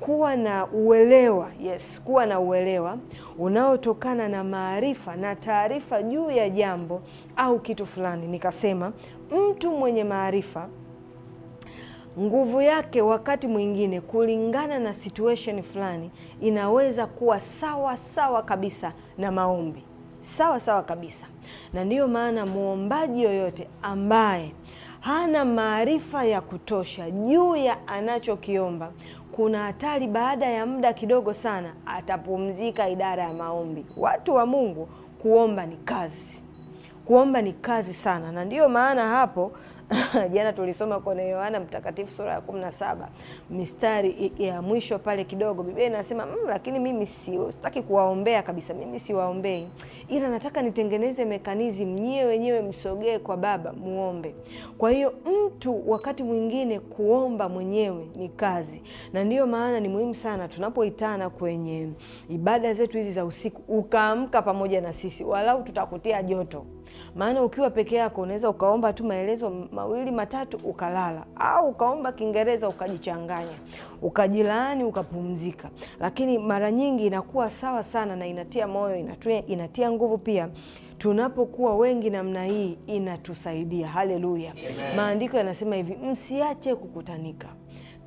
kuwa na uelewa yes, kuwa na uelewa unaotokana na maarifa na taarifa juu ya jambo au kitu fulani. Nikasema mtu mwenye maarifa nguvu yake wakati mwingine kulingana na situation fulani inaweza kuwa sawa sawa kabisa na maombi, sawa sawa kabisa. Na ndiyo maana mwombaji yoyote ambaye hana maarifa ya kutosha juu ya anachokiomba kuna hatari baada ya muda kidogo sana atapumzika idara ya maombi. Watu wa Mungu, kuomba ni kazi, kuomba ni kazi sana, na ndiyo maana hapo jana tulisoma kwenye Yohana Mtakatifu sura ya kumi na saba mistari ya mwisho pale kidogo, Biblia inasema mmm, lakini mimi sitaki kuwaombea kabisa, mimi siwaombei, ila nataka nitengeneze mekanizi nyie wenyewe msogee kwa Baba muombe. Kwa hiyo mtu wakati mwingine kuomba mwenyewe ni kazi, na ndiyo maana ni muhimu sana tunapoitana kwenye ibada zetu hizi za usiku, ukaamka pamoja na sisi, walau tutakutia joto maana ukiwa peke yako unaweza ukaomba tu maelezo mawili matatu ukalala, au ukaomba Kiingereza ukajichanganya, ukajilaani, ukapumzika. Lakini mara nyingi inakuwa sawa sana na inatia moyo, inatia, inatia nguvu pia tunapokuwa wengi namna hii inatusaidia. Haleluya! Maandiko yanasema hivi, msiache kukutanika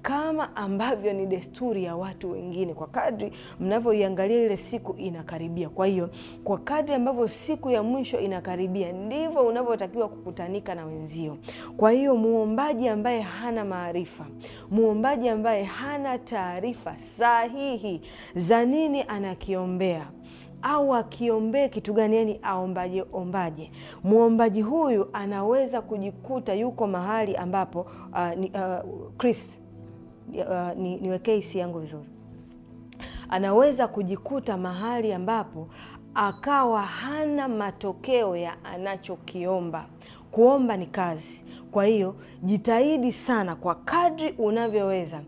kama ambavyo ni desturi ya watu wengine, kwa kadri mnavyoiangalia ile siku inakaribia. Kwa hiyo kwa kadri ambavyo siku ya mwisho inakaribia, ndivyo unavyotakiwa kukutanika na wenzio. Kwa hiyo muombaji ambaye hana maarifa, muombaji ambaye hana taarifa sahihi za nini anakiombea au akiombee kitu gani, yani aombaje ombaje, mwombaji huyu anaweza kujikuta yuko mahali ambapo uh, ni, uh, Chris uh, ni, niwekee hisi yangu vizuri. Anaweza kujikuta mahali ambapo akawa hana matokeo ya anachokiomba. Kuomba ni kazi, kwa hiyo jitahidi sana kwa kadri unavyoweza.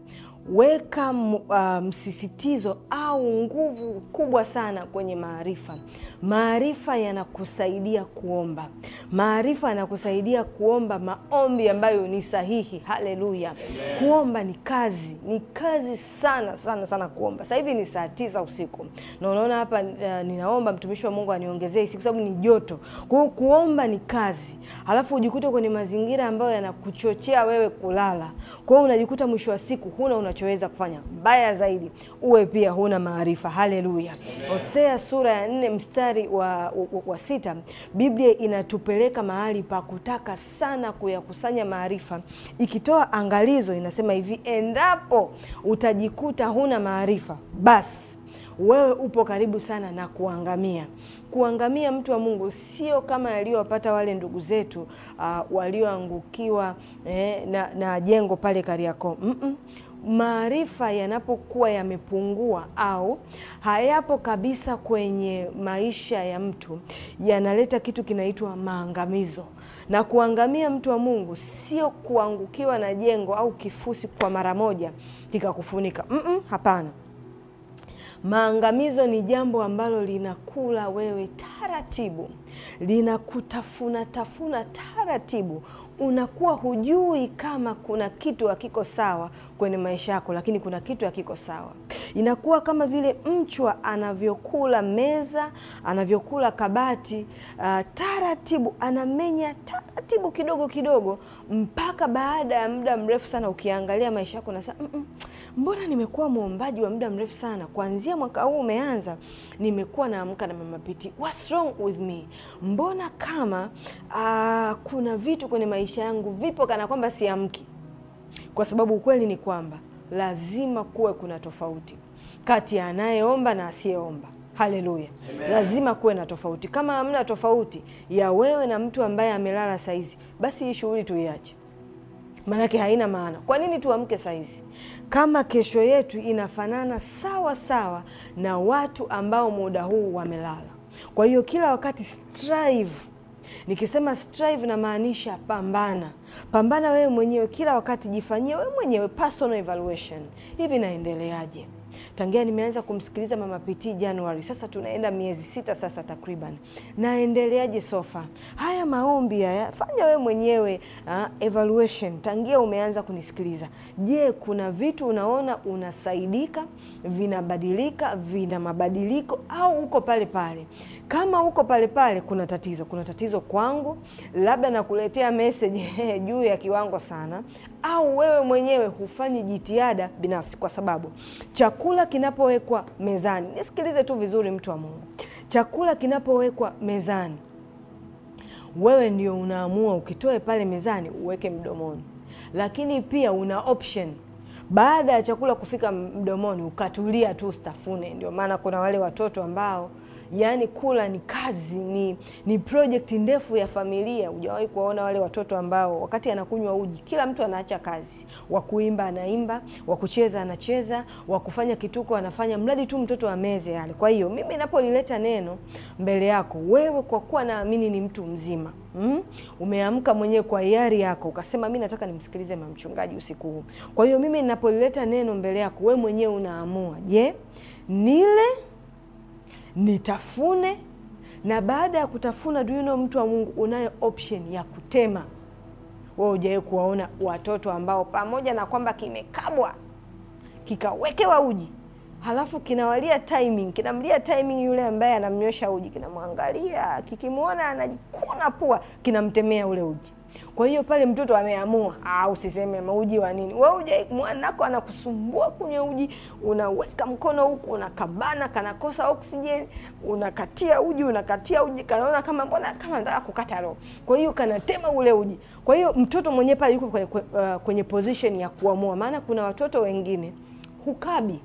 Weka uh, msisitizo au nguvu kubwa sana kwenye maarifa. Maarifa yanakusaidia kuomba, maarifa yanakusaidia kuomba maombi ambayo ni sahihi. Haleluya! Kuomba ni kazi, ni kazi sana sana sana kuomba. Sasa hivi ni saa tisa usiku na unaona hapa uh, ninaomba mtumishi wa Mungu aniongezee kwa sababu ni joto. Kwa hiyo kuomba ni kazi, alafu ujikute kwenye mazingira ambayo yanakuchochea wewe kulala. Kwa hiyo unajikuta mwisho wa siku huna unachoweza kufanya. Mbaya zaidi, uwe pia huna maarifa. Haleluya! Hosea sura ya nne mstari mstari wa, wa, wa sita, Biblia inatupeleka mahali pa kutaka sana kuyakusanya maarifa, ikitoa angalizo inasema hivi, endapo utajikuta huna maarifa, basi wewe upo karibu sana na kuangamia. Kuangamia, mtu wa Mungu, sio kama yaliyowapata wale ndugu zetu uh, walioangukiwa eh, na, na jengo pale Kariakoo. mm -mm maarifa yanapokuwa yamepungua au hayapo kabisa kwenye maisha ya mtu, yanaleta kitu kinaitwa maangamizo. Na kuangamia mtu wa Mungu sio kuangukiwa na jengo au kifusi kwa mara moja kikakufunika. Mm -mm, hapana. Maangamizo ni jambo ambalo linakula wewe taratibu, linakutafuna tafuna taratibu, unakuwa hujui kama kuna kitu hakiko sawa kwenye maisha yako, lakini kuna kitu hakiko sawa. Inakuwa kama vile mchwa anavyokula meza, anavyokula kabati, uh, taratibu anamenya taratibu, kidogo kidogo, mpaka baada ya muda mrefu sana ukiangalia maisha yako na mm -mm, mbona nimekuwa mwombaji wa muda mrefu sana? Kuanzia mwaka huu umeanza, nimekuwa naamka na mamapiti. What's wrong with me? Mbona kama uh, kuna vitu kwenye maisha yangu vipo kana kwamba siamki kwa sababu ukweli ni kwamba lazima kuwe kuna tofauti kati ya anayeomba na asiyeomba. Haleluya, lazima kuwe na tofauti. Kama hamna tofauti ya wewe na mtu ambaye amelala saizi, basi hii shughuli tuiache, maanake haina maana. Kwa nini tuamke saizi kama kesho yetu inafanana sawa sawa na watu ambao muda huu wamelala? Kwa hiyo kila wakati strive Nikisema strive namaanisha pambana, pambana wewe mwenyewe kila wakati, jifanyie wewe mwenyewe personal evaluation, hivi naendeleaje? tangia nimeanza kumsikiliza Mama Piti Januari, sasa tunaenda miezi sita sasa takriban, naendeleaje Sofa? Haya maombi haya fanya we mwenyewe ha, ah, evaluation tangia umeanza kunisikiliza. Je, kuna vitu unaona unasaidika, vinabadilika, vina mabadiliko au uko pale pale? Kama uko pale pale, kuna tatizo, kuna tatizo kwangu, labda nakuletea message juu ya kiwango sana au wewe mwenyewe hufanyi jitihada binafsi, kwa sababu chakula kinapowekwa mezani, nisikilize tu vizuri, mtu wa Mungu, chakula kinapowekwa mezani, wewe ndio unaamua ukitoe pale mezani uweke mdomoni, lakini pia una option baada ya chakula kufika mdomoni ukatulia tu, stafune. Ndio maana kuna wale watoto ambao yaani kula ni kazi, ni, ni project ndefu ya familia. Hujawahi kuwaona wale watoto ambao wakati anakunywa uji kila mtu anaacha kazi, wa kuimba anaimba, wa kucheza anacheza, wa kufanya kituko anafanya, mradi tu mtoto ameze yale. Kwa hiyo mimi napolileta neno mbele yako wewe, kwa kuwa naamini ni mtu mzima Mm? Umeamka mwenyewe kwa hiari yako ukasema mi nataka nimsikilize mama mchungaji usiku huu. Kwa hiyo mimi ninapolileta neno mbele yako wewe mwenyewe unaamua, je, nile nitafune, na baada ya kutafuna know, mtu wa Mungu, unayo option ya kutema. We hujawahi kuwaona watoto ambao pamoja na kwamba kimekabwa kikawekewa uji halafu kinawalia timing, kinamlia timing yule ambaye anamnyosha uji, kinamwangalia, kikimwona anajikuna pua, kinamtemea ule uji. Kwa hiyo pale mtoto ameamua, ah, usiseme mauji wa nini wewe, uje mwanako anakusumbua kunywa uji, unaweka mkono huku unakabana, kanakosa oksijeni, unakatia uji, unakatia uji, kanaona kama mbona kama nataka kukata roho, kwa hiyo kanatema ule uji. Kwa hiyo mtoto mwenyewe pale yuko kwenye, uh, kwenye position ya kuamua, maana kuna watoto wengine hukabi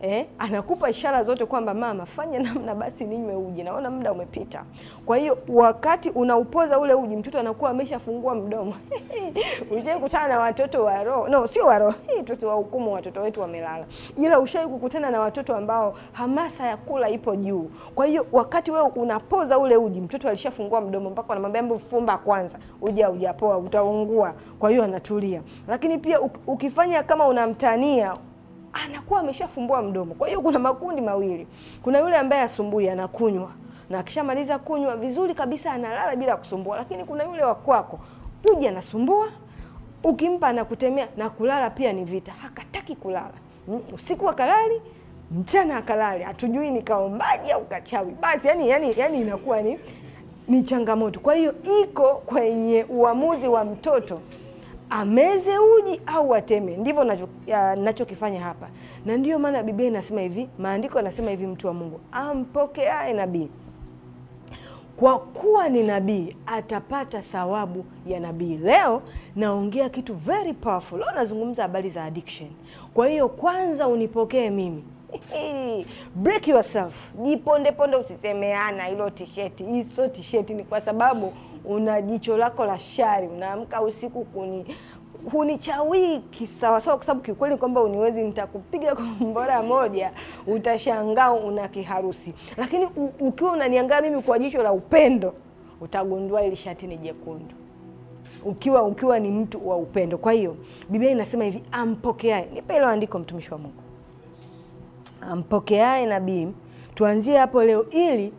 eh, anakupa ishara zote kwamba mama, fanya namna basi ninywe uji, naona muda umepita. Kwa hiyo wakati unaupoza ule uji, mtoto anakuwa ameshafungua mdomo. Ushawahi kukutana na watoto wa roho? No, sio wa roho hii, tusiwahukumu watoto wetu wamelala, ila ushai kukutana na watoto ambao hamasa ya kula ipo juu. Kwa hiyo wakati wewe unapoza ule uji, mtoto alishafungua mdomo, mpaka anamwambia mbe, fumba kwanza, uji haujapoa, utaungua. Kwa hiyo anatulia, lakini pia ukifanya kama unamtania anakuwa ameshafumbua mdomo. Kwa hiyo kuna makundi mawili, kuna yule ambaye asumbui, anakunywa na akishamaliza kunywa vizuri kabisa analala bila kusumbua, lakini kuna yule wa kwako kuja anasumbua, ukimpa na kutemea na kulala pia ni vita, hakataki kulala usiku akalali mchana akalali, hatujui ni kaombaji au kachawi. Basi yani, yani, yani inakuwa ni, ni changamoto. Kwa hiyo iko kwenye uamuzi wa mtoto ameze uji au ateme. Ndivyo nachokifanya uh, hapa, na ndiyo maana Biblia inasema hivi, maandiko yanasema hivi, mtu wa Mungu ampokeaye nabii kwa kuwa ni nabii atapata thawabu ya nabii. Leo naongea kitu very powerful. Leo nazungumza habari za addiction. Kwa hiyo kwanza unipokee mimi break yourself, jipondeponde, usisemeana hilo tisheti, hizo tisheti ni kwa sababu una jicho lako la shari, unaamka usiku kuni hunichawiki sawasawa, kwa sababu kiukweli kwamba uniwezi, nitakupiga kwa mbora moja, utashangaa una kiharusi. Lakini ukiwa unaniangaa mimi kwa jicho la upendo, utagundua ili shati ni jekundu ukiwa ukiwa ni mtu wa upendo. Kwa hiyo Biblia inasema hivi, ampokeaye, nipe hilo andiko, mtumishi wa Mungu, ampokeaye nabii. Tuanzie hapo leo, ili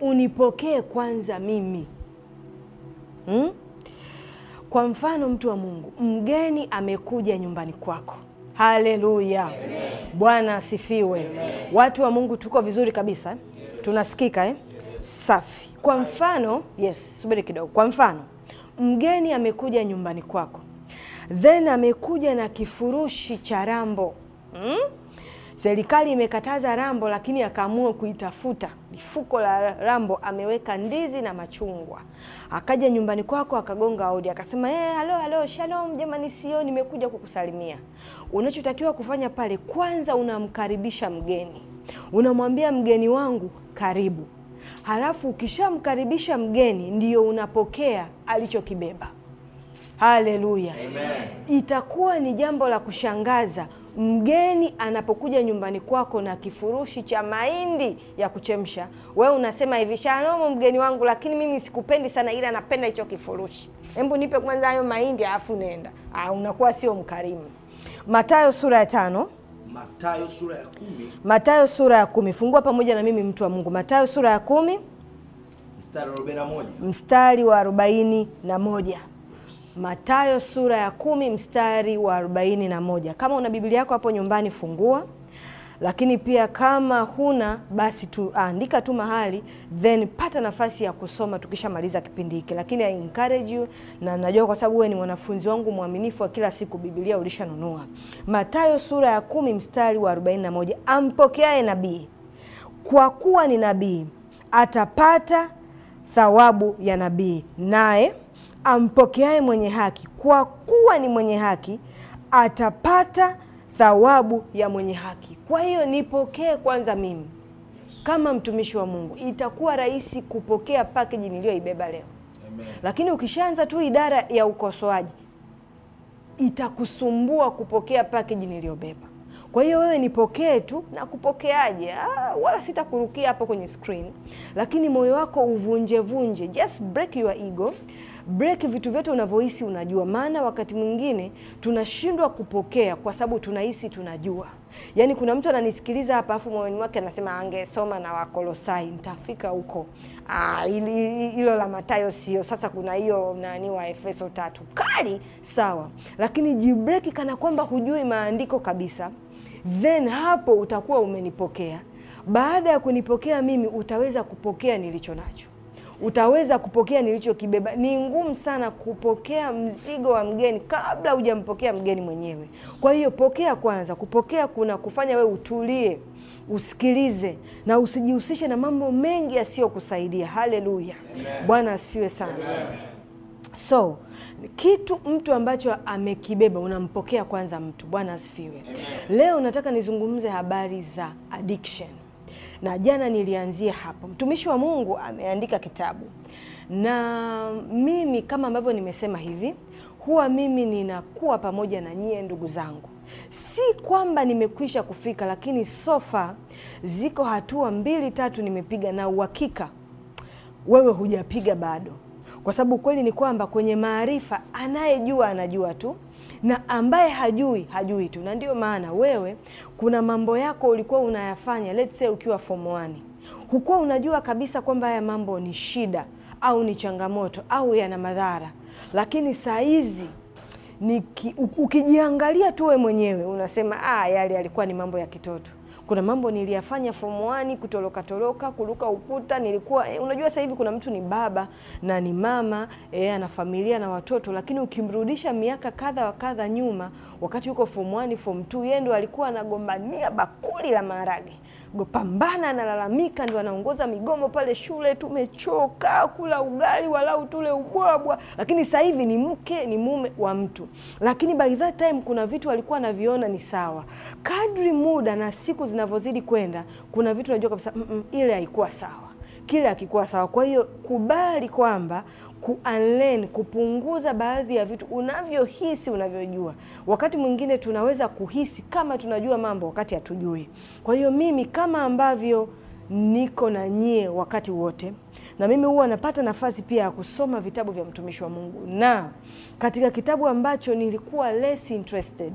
unipokee kwanza mimi hmm? Kwa mfano mtu wa Mungu, mgeni amekuja nyumbani kwako. Haleluya, Bwana asifiwe. Amen. Watu wa Mungu, tuko vizuri kabisa yes. Eh? Tunasikika eh? Yes. Safi. Kwa mfano yes, subiri kidogo. Kwa mfano mgeni amekuja nyumbani kwako, then amekuja na kifurushi cha rambo hmm? Serikali imekataza rambo, lakini akaamua kuitafuta. Mifuko la rambo ameweka ndizi na machungwa. Akaja nyumbani kwako akagonga hodi akasema, hey, eh, halo halo, shalom jamani, sio nimekuja kukusalimia. Unachotakiwa kufanya pale, kwanza unamkaribisha mgeni, unamwambia mgeni wangu karibu. Halafu ukishamkaribisha mgeni, ndiyo unapokea alichokibeba. Haleluya! Itakuwa ni jambo la kushangaza mgeni anapokuja nyumbani kwako na kifurushi cha mahindi ya kuchemsha, wewe unasema hivi, shalom mgeni wangu, lakini mimi sikupendi sana, ila napenda hicho kifurushi, hebu nipe kwanza hayo mahindi alafu nenda. Ah, unakuwa sio mkarimu. Mathayo sura ya tano Mathayo sura ya kumi Mathayo sura ya kumi fungua pamoja na mimi mtu wa Mungu, Mathayo sura ya kumi mstari wa arobaini na moja mstari wa arobaini na moja Mathayo sura ya kumi mstari wa arobaini na moja. Kama una Biblia yako hapo nyumbani fungua, lakini pia kama huna basi tuandika ah, tu mahali then pata nafasi ya kusoma tukishamaliza kipindi hiki, lakini I encourage you, na najua kwa sababu wewe ni mwanafunzi wangu mwaminifu wa kila siku, Biblia ulishanunua. Mathayo sura ya kumi mstari wa 41, ampokeaye nabii kwa kuwa ni nabii atapata thawabu ya nabii, naye ampokeaye mwenye haki kwa kuwa ni mwenye haki atapata thawabu ya mwenye haki. Kwa hiyo nipokee kwanza mimi kama mtumishi wa Mungu, itakuwa rahisi kupokea pakeji niliyoibeba leo. Amen. Lakini ukishaanza tu idara ya ukosoaji itakusumbua kupokea pakeji niliyobeba. Kwa hiyo wewe nipokee tu na kupokeaje? Ah, wala sitakurukia hapo kwenye screen, lakini moyo wako uvunjevunje, just break your ego break vitu vyote unavyohisi unajua. Maana wakati mwingine tunashindwa kupokea kwa sababu tunahisi tunajua. Yaani kuna mtu ananisikiliza hapa afu moyoni mwake anasema angesoma na Wakolosai nitafika huko. Ah, hilo la Mathayo sio. Sasa kuna hiyo nani wa Efeso tatu kali sawa, lakini jibreki kana kwamba hujui maandiko kabisa, then hapo utakuwa umenipokea. Baada ya kunipokea mimi, utaweza kupokea nilicho nacho utaweza kupokea nilichokibeba. Ni ngumu sana kupokea mzigo wa mgeni kabla hujampokea mgeni mwenyewe. Kwa hiyo pokea kwanza. Kupokea kuna kufanya we utulie, usikilize na usijihusishe na mambo mengi yasiyokusaidia. Haleluya, Bwana asifiwe sana. Amen. So kitu mtu ambacho amekibeba unampokea kwanza mtu. Bwana asifiwe. Leo nataka nizungumze habari za addiction na jana nilianzia hapo. Mtumishi wa Mungu ameandika kitabu, na mimi kama ambavyo nimesema hivi, huwa mimi ninakuwa pamoja na nyie ndugu zangu si kwamba nimekwisha kufika, lakini sofa ziko hatua mbili tatu nimepiga, na uhakika wewe hujapiga bado, kwa sababu ukweli ni kwamba kwenye maarifa, anayejua anajua tu, na ambaye hajui hajui tu, na ndio maana wewe, kuna mambo yako ulikuwa unayafanya let's say ukiwa form 1 hukuwa unajua kabisa kwamba haya mambo ni shida au ni changamoto au yana madhara, lakini saa hizi ukijiangalia tu wewe mwenyewe unasema ah, yale yalikuwa ni mambo ya kitoto kuna mambo niliyafanya form 1 kutoroka toroka, kuruka ukuta, nilikuwa eh, unajua sasa hivi kuna mtu ni baba na ni mama eh, ana familia na watoto, lakini ukimrudisha miaka kadha wa kadha nyuma, wakati yuko form 1 form 2, yeye ndo alikuwa anagombania bakuli la maharage pambana, analalamika, ndio anaongoza migomo pale shule, tumechoka kula ugali walau tule ubwabwa. Lakini sasa hivi ni mke, ni mume wa mtu, lakini by that time kuna vitu alikuwa anaviona ni sawa. Kadri muda na siku zinavyozidi kwenda, kuna vitu unajua kabisa mm -mm, ile haikuwa sawa, kile hakikuwa sawa. Kwa hiyo kubali kwamba kuunlearn kupunguza baadhi ya vitu unavyohisi unavyojua. Wakati mwingine tunaweza kuhisi kama tunajua mambo wakati hatujui. Kwa hiyo mimi kama ambavyo niko na nyie wakati wote, na mimi huwa napata nafasi pia ya kusoma vitabu vya mtumishi wa Mungu, na katika kitabu ambacho nilikuwa less interested,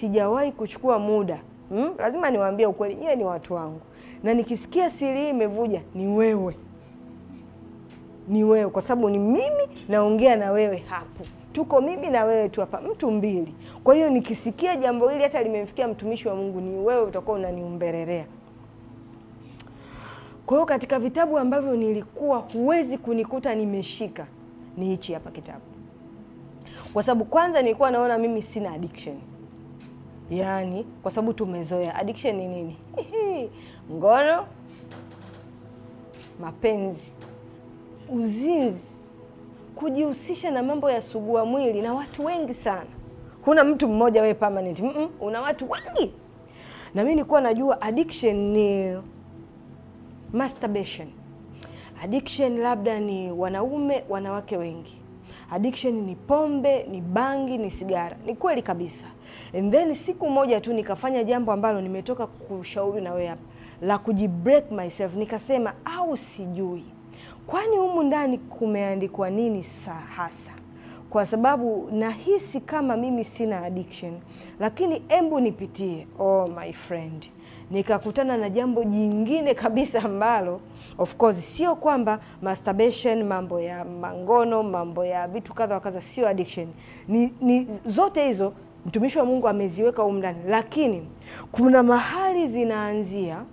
sijawahi kuchukua muda hmm? Lazima niwaambie ukweli, nyie ni watu wangu, na nikisikia siri hii imevuja ni wewe ni wewe, kwa sababu ni mimi naongea na wewe hapo, tuko mimi na wewe tu hapa, mtu mbili. Kwa hiyo nikisikia jambo hili hata limemfikia mtumishi wa Mungu, ni wewe utakuwa unaniumbelelea. Kwa hiyo katika vitabu ambavyo nilikuwa huwezi kunikuta nimeshika ni hichi hapa kitabu, kwa sababu kwanza nilikuwa naona mimi sina addiction Yani kwa sababu tumezoea addiction ni nini? Ngono, mapenzi, uzinzi, kujihusisha na mambo ya sugua mwili na watu wengi sana. Huna mtu mmoja wewe permanent. Mm -mm, una watu wengi. Na mimi nilikuwa najua addiction ni masturbation. Addiction labda ni wanaume, wanawake wengi. Addiction ni pombe, ni bangi, ni sigara. Ni kweli kabisa. And then siku moja tu nikafanya jambo ambalo nimetoka kushauri na wewe hapa la kujibreak myself, nikasema au sijui kwani humu ndani kumeandikwa nini hasa? Kwa sababu nahisi kama mimi sina addiction, lakini embu nipitie. Oh my friend, nikakutana na jambo jingine kabisa ambalo of course sio kwamba masturbation, mambo ya mangono, mambo ya vitu kadha wa kadha sio addiction. Ni, ni zote hizo mtumishi wa Mungu ameziweka humu ndani, lakini kuna mahali zinaanzia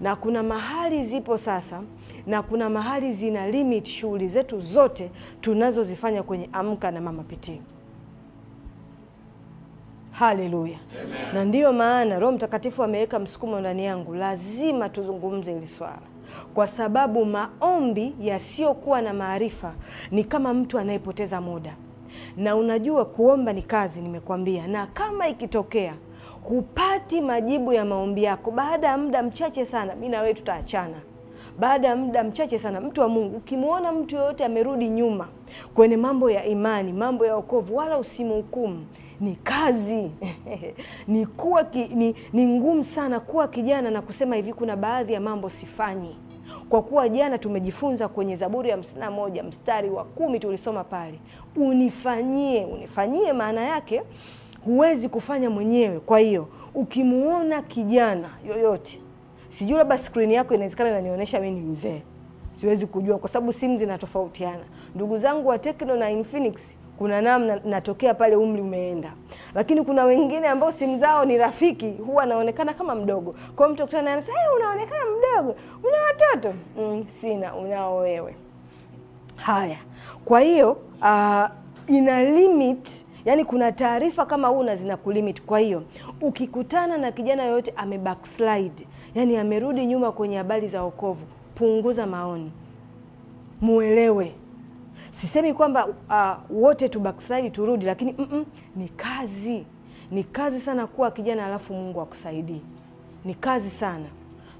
na kuna mahali zipo sasa na kuna mahali zina limit shughuli zetu zote tunazozifanya kwenye Amka na Mama piti Haleluya! Na ndiyo maana Roho Mtakatifu ameweka msukumo ndani yangu, lazima tuzungumze hili swala, kwa sababu maombi yasiyokuwa na maarifa ni kama mtu anayepoteza muda. Na unajua kuomba ni kazi, nimekwambia, na kama ikitokea hupati majibu ya maombi yako, baada ya muda mchache sana, mi na wewe tutaachana, baada ya muda mchache sana, mtu wa Mungu, ukimwona mtu yoyote amerudi nyuma kwenye mambo ya imani, mambo ya wokovu, wala usimhukumu. Ni kazi ni kuwa ki, ni, ni ngumu sana kuwa kijana na kusema hivi, kuna baadhi ya mambo sifanyi kwa kuwa jana tumejifunza kwenye Zaburi ya hamsini na moja mstari wa kumi tulisoma pale, unifanyie. Unifanyie maana yake huwezi kufanya mwenyewe. Kwa hiyo ukimuona kijana yoyote sijui labda skrini yako inawezekana inanionyesha mi ni mzee, siwezi kujua kwa sababu simu zinatofautiana. Ndugu zangu wa Tecno na Infinix kuna namna natokea pale umri umeenda, lakini kuna wengine ambao simu zao ni rafiki, huwa anaonekana kama mdogo. Kwa mtu akutana naye anasema hey, unaonekana mdogo, una watoto? Mm, sina. Unao wewe? Haya, kwa hiyo uh, ina limit Yaani kuna taarifa kama una zina kulimit. Kwa hiyo ukikutana na kijana yoyote ame backslide yani amerudi nyuma kwenye habari za wokovu, punguza maoni, muelewe. Sisemi kwamba uh, wote tu backslide turudi, lakini mm -mm, ni kazi, ni kazi sana kuwa kijana, alafu Mungu akusaidie, ni kazi sana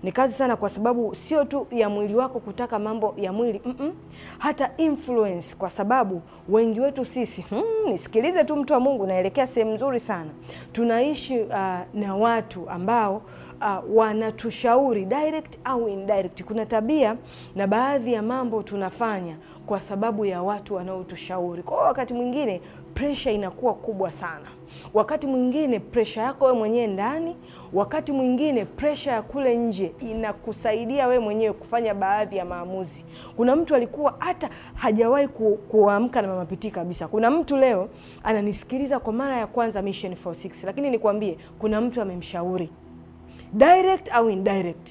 ni kazi sana, kwa sababu sio tu ya mwili wako kutaka mambo ya mwili mm -mm. Hata influence, kwa sababu wengi wetu sisi mm, nisikilize tu mtu wa Mungu, naelekea sehemu nzuri sana. Tunaishi uh, na watu ambao uh, wanatushauri direct au indirect. Kuna tabia na baadhi ya mambo tunafanya kwa sababu ya watu wanaotushauri. Kwa hiyo wakati mwingine pressure inakuwa kubwa sana. Wakati mwingine presha yako wewe mwenyewe ndani, wakati mwingine presha ya kule nje inakusaidia wewe mwenyewe kufanya baadhi ya maamuzi. Kuna mtu alikuwa hata hajawahi kuamka na mamapitii kabisa. Kuna mtu leo ananisikiliza kwa mara ya kwanza Mission 46, lakini nikwambie, kuna mtu amemshauri direct au indirect.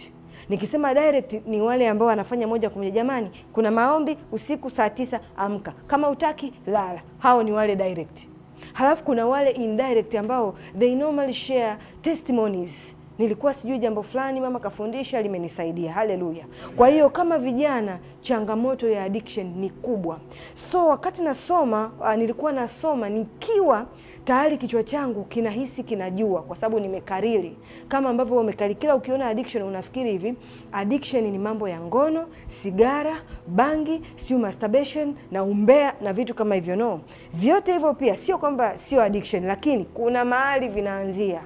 Nikisema direct ni wale ambao wanafanya moja kwa moja, jamani, kuna maombi usiku saa tisa, amka. Kama utaki lala. Hao ni wale direct. Halafu kuna wale indirect ambao they normally share testimonies nilikuwa sijui jambo fulani, mama kafundisha, limenisaidia. Haleluya! Kwa hiyo kama vijana, changamoto ya addiction ni kubwa. So wakati nasoma uh, nilikuwa nasoma nikiwa tayari kichwa changu kinahisi kinajua, kwa sababu nimekarili kama ambavyo umekariri. Kila ukiona addiction unafikiri hivi, addiction ni mambo ya ngono, sigara, bangi, sio masturbation na umbea na vitu kama hivyo. No, vyote hivyo pia sio kwamba sio addiction, lakini kuna mahali vinaanzia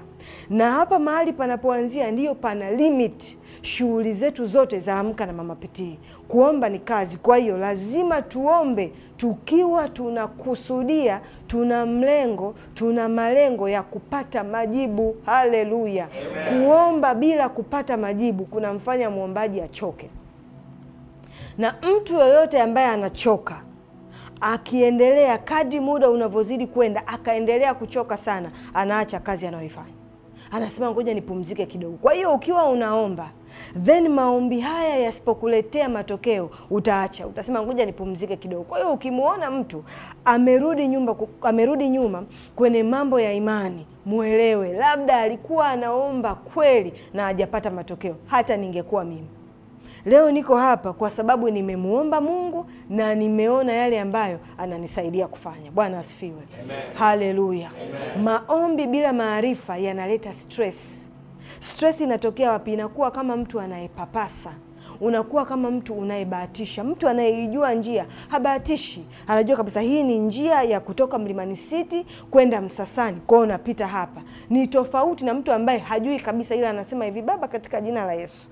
na hapa mahali panapoanzia ndiyo pana limit shughuli zetu zote za Amka na Mama Pitii. Kuomba ni kazi, kwa hiyo lazima tuombe tukiwa tunakusudia, tuna mlengo, tuna malengo ya kupata majibu. Haleluya! Kuomba bila kupata majibu kunamfanya mwombaji achoke, na mtu yoyote ambaye anachoka akiendelea, kadri muda unavyozidi kwenda, akaendelea kuchoka sana, anaacha kazi anayoifanya anasema ngoja nipumzike kidogo. Kwa hiyo ukiwa unaomba then maombi haya yasipokuletea matokeo utaacha, utasema ngoja nipumzike kidogo. Kwa hiyo ukimwona mtu amerudi nyumba, amerudi nyuma kwenye mambo ya imani, muelewe labda alikuwa anaomba kweli na hajapata matokeo. Hata ningekuwa mimi Leo niko hapa kwa sababu nimemuomba Mungu na nimeona yale ambayo ananisaidia kufanya. Bwana asifiwe, haleluya. Maombi bila maarifa yanaleta stress. Stress inatokea wapi? Inakuwa kama mtu anayepapasa unakuwa kama mtu unayebahatisha. Mtu anayeijua njia habahatishi, anajua kabisa hii ni njia ya kutoka Mlimani City kwenda Msasani, kwao unapita hapa. Ni tofauti na mtu ambaye hajui kabisa, ila anasema hivi, Baba, katika jina la Yesu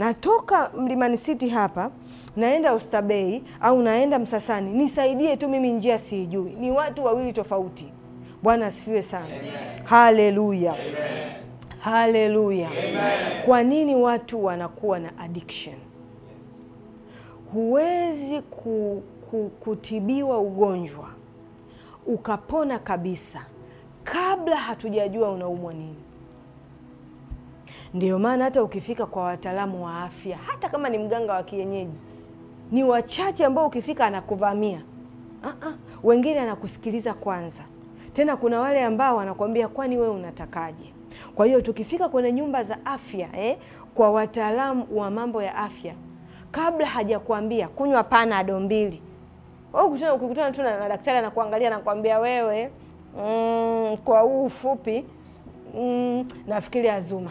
natoka Mlimani City hapa naenda Ustabei au naenda Msasani, nisaidie tu mimi, njia siijui. Ni watu wawili tofauti. Bwana asifiwe sana, haleluya, haleluya. Kwa nini watu wanakuwa na addiction? Huwezi ku, ku, kutibiwa ugonjwa ukapona kabisa kabla hatujajua unaumwa nini. Ndio maana hata ukifika kwa wataalamu wa afya, hata kama ni mganga wa kienyeji, ni wachache ambao ukifika anakuvamia. Ah ah, wengine anakusikiliza kwanza. Tena kuna wale ambao wanakuambia kwani wewe unatakaje? Kwa hiyo tukifika kwenye nyumba za afya eh, kwa wataalamu wa mambo ya afya, kabla hajakwambia kunywa panado mbili, ukikutana tu na daktari anakuangalia anakwambia wewe, mm, kwa huu ufupi mm, nafikiri azuma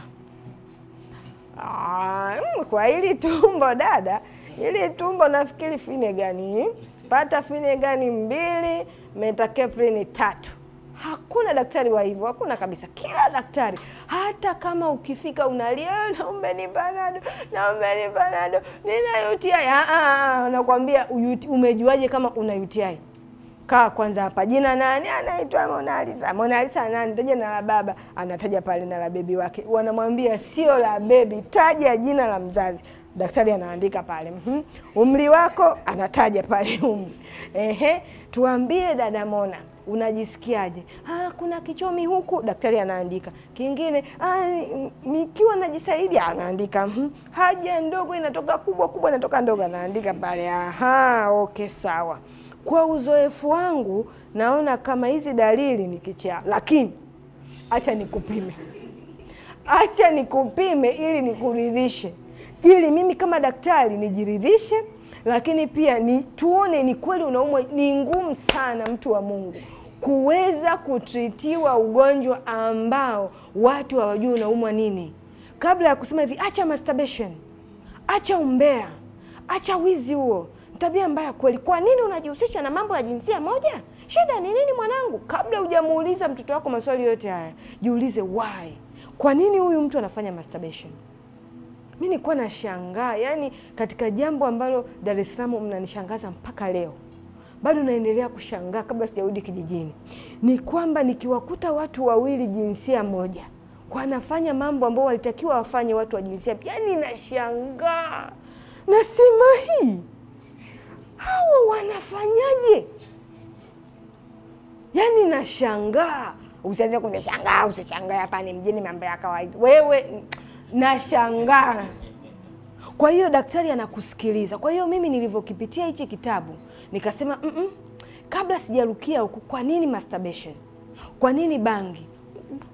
Aa, ah, mm, kwa hili tumbo dada, hili tumbo nafikiri finegani pata finegani mbili metakeflini tatu. Hakuna daktari wa hivyo, hakuna kabisa. Kila daktari, hata kama ukifika unalia, naombe ni panado, naombe ni panado, nina UTI. Ah, ah, ah, nakwambia umejuaje kama una UTI? kaa kwanza hapa, jina nani? Anaitwa Mona Lisa. Mona Lisa nani? Taja na la baba, anataja pale na la bebi wake. Wanamwambia sio la bebi, taja jina la mzazi. Daktari anaandika pale mm-hmm. Umri wako anataja pale umri. Ehe, tuambie dada Mona unajisikiaje? Ah, kuna kichomi huku. Daktari anaandika kingine. Ah, nikiwa najisaidi, anaandika hmm. Haja ndogo inatoka kubwa, kubwa inatoka ndogo, anaandika pale. Aha, okay, sawa. Kwa uzoefu wangu naona kama hizi dalili ni kichaa, lakini acha nikupime, acha nikupime ili nikuridhishe, ili mimi kama daktari nijiridhishe, lakini pia ni tuone ni kweli unaumwa. Ni ngumu sana mtu wa Mungu kuweza kutritiwa ugonjwa ambao watu hawajui unaumwa nini. Kabla ya kusema hivi, acha masturbation, acha umbea, acha wizi huo tabia mbaya kweli. Kwa nini unajihusisha na mambo ya jinsia moja? Shida ni nini mwanangu? Kabla hujamuuliza mtoto wako maswali yote haya, jiulize why. Kwa nini huyu mtu anafanya masturbation? Mi nilikuwa nashangaa, yani katika jambo ambalo Dar es Salaam mnanishangaza mpaka leo, bado naendelea kushangaa kabla sijarudi kijijini, ni kwamba nikiwakuta watu wawili jinsia moja wanafanya mambo ambao walitakiwa wafanye watu wa jinsia, yani nashangaa nasema hii hawa wanafanyaje? Yaani nashangaa. Usianze kunishangaa, usishangaa, hapa ni mjini, mambo ya kawaida. Wewe nashangaa. Kwa hiyo daktari anakusikiliza. Kwa hiyo mimi nilivyokipitia hichi kitabu nikasema, mm -mm, kabla sijarukia huku, kwa nini masturbation? Kwa nini bangi?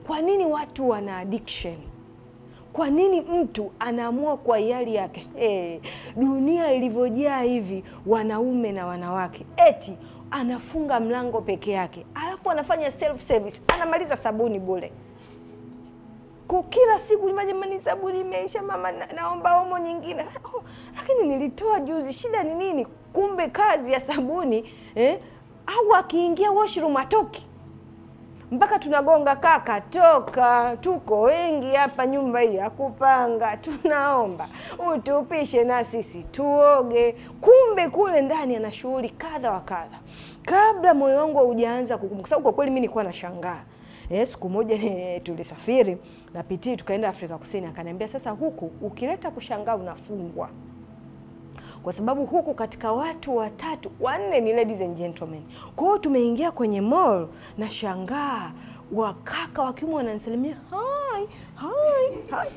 Kwa nini watu wana addiction? Kwa nini mtu anaamua kwa hiari yake? Hey, eh, dunia ilivyojaa hivi wanaume na wanawake, eti anafunga mlango peke yake, alafu anafanya self service, anamaliza sabuni bure kwa kila siku jamani, sabuni imeisha mama, na, naomba omo nyingine. Oh, lakini nilitoa juzi, shida ni nini? Kumbe kazi ya sabuni eh? Au akiingia washroom atoki mpaka tunagonga, kaka toka, tuko wengi hapa, nyumba hii ya kupanga, tunaomba utupishe na sisi tuoge. Kumbe kule ndani ana shughuli kadha wa kadha, kabla moyo wangu haujaanza kukumbuka. Sababu kwa kweli mi nilikuwa nashangaa. Yes, eh, siku moja tulisafiri na Pitii tukaenda Afrika Kusini, akaniambia sasa, huku ukileta kushangaa unafungwa kwa sababu huku katika watu watatu wanne ni ladies and gentlemen. Kwa hiyo tumeingia kwenye mall na shangaa wakaka wa kiume wananisalimia hai hai hai.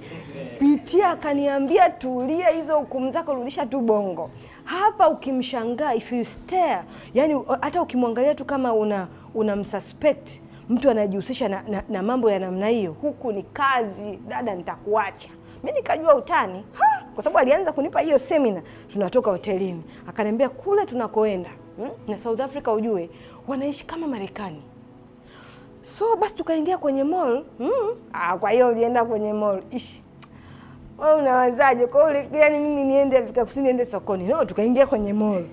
Pitia akaniambia tulia hizo hukumu zako, rudisha tu bongo hapa. Ukimshangaa if you stare, yani hata ukimwangalia tu kama una unamsuspect mtu anajihusisha na, na, na mambo ya namna hiyo, huku ni kazi dada, nitakuacha Mi nikajua utani ha! kwa sababu alianza kunipa hiyo semina, tunatoka hotelini, akaniambia kule tunakoenda hmm? na South Africa ujue wanaishi kama Marekani. So basi tukaingia kwenye mall hmm? Ah, kwa hiyo ulienda kwenye mall ishi wewe unawazaje? Kwa hiyo ulifikiria mimi niende Afrika Kusini, niende sokoni? No, tukaingia kwenye mall.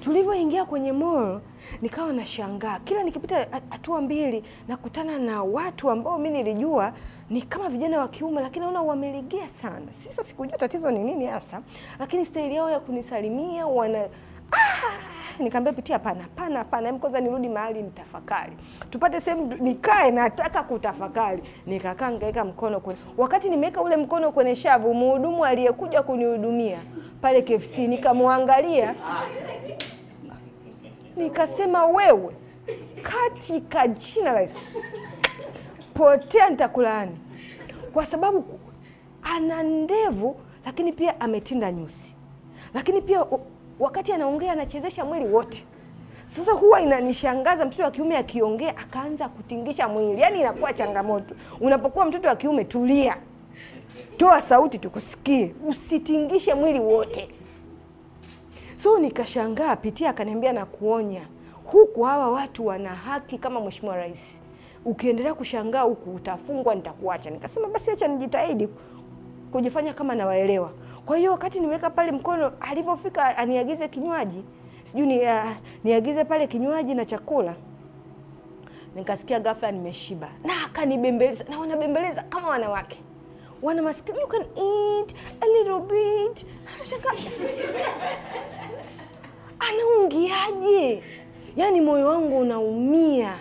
Tulivyoingia kwenye mall nikawa nashangaa kila nikipita hatua mbili nakutana na watu ambao mi nilijua ni kama vijana wa kiume, lakini naona wameligia sana. Sasa sikujua tatizo ni nini hasa, lakini staili yao ya kunisalimia wana ah! Nikaambia pitia, pana pana pana hem, yaani kwanza nirudi mahali nitafakari, tupate sehemu nikae, nataka kutafakari. Nikakaa nikaweka mkono kwenye, wakati nimeweka ule mkono kwenye shavu, mhudumu aliyekuja kunihudumia pale KFC nikamwangalia Nikasema wewe, katika jina la Yesu potea, nitakulaani kwa sababu ana ndevu lakini pia ametinda nyusi, lakini pia wakati anaongea anachezesha mwili wote. Sasa huwa inanishangaza mtoto wa kiume akiongea akaanza kutingisha mwili, yaani inakuwa changamoto. Unapokuwa mtoto wa kiume, tulia, toa sauti tukusikie, usitingishe mwili wote. So nikashangaa, Pitia akaniambia na kuonya huku, hawa watu wana haki kama mheshimiwa rais, ukiendelea kushangaa huku utafungwa, nitakuacha. Nikasema basi acha nijitahidi kujifanya kama nawaelewa. Kwa hiyo wakati nimeweka pale mkono, alivyofika aniagize kinywaji sijui ni, uh, niagize pale kinywaji na chakula, nikasikia ghafla nimeshiba, na akanibembeleza na wanabembeleza kama wanawake wana masikini, you can eat a little bit anaungiaje? Yaani moyo wangu unaumia,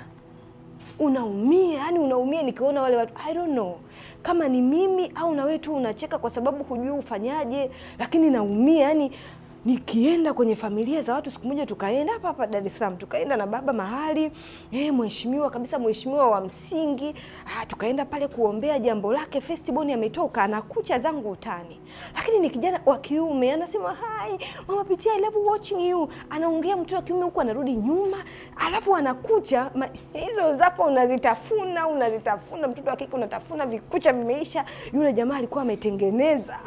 unaumia, yaani unaumia nikiona wale watu. I don't know kama ni mimi au na wewe tu unacheka kwa sababu hujui ufanyaje, lakini naumia yani nikienda kwenye familia za watu. Siku moja tukaenda hapa hapa Dar es Salaam, tukaenda na baba mahali eh, mheshimiwa kabisa, mheshimiwa wa msingi ah, tukaenda pale kuombea jambo lake. festival ametoka na kucha zangu utani, lakini ni kijana wa kiume anasema hai mama pitia, I love watching you. Anaongea mtu wa kiume huku anarudi nyuma, alafu anakucha hizo zako unazitafuna, unazitafuna, mtoto wa kike unatafuna, vikucha vimeisha. Yule jamaa alikuwa ametengeneza,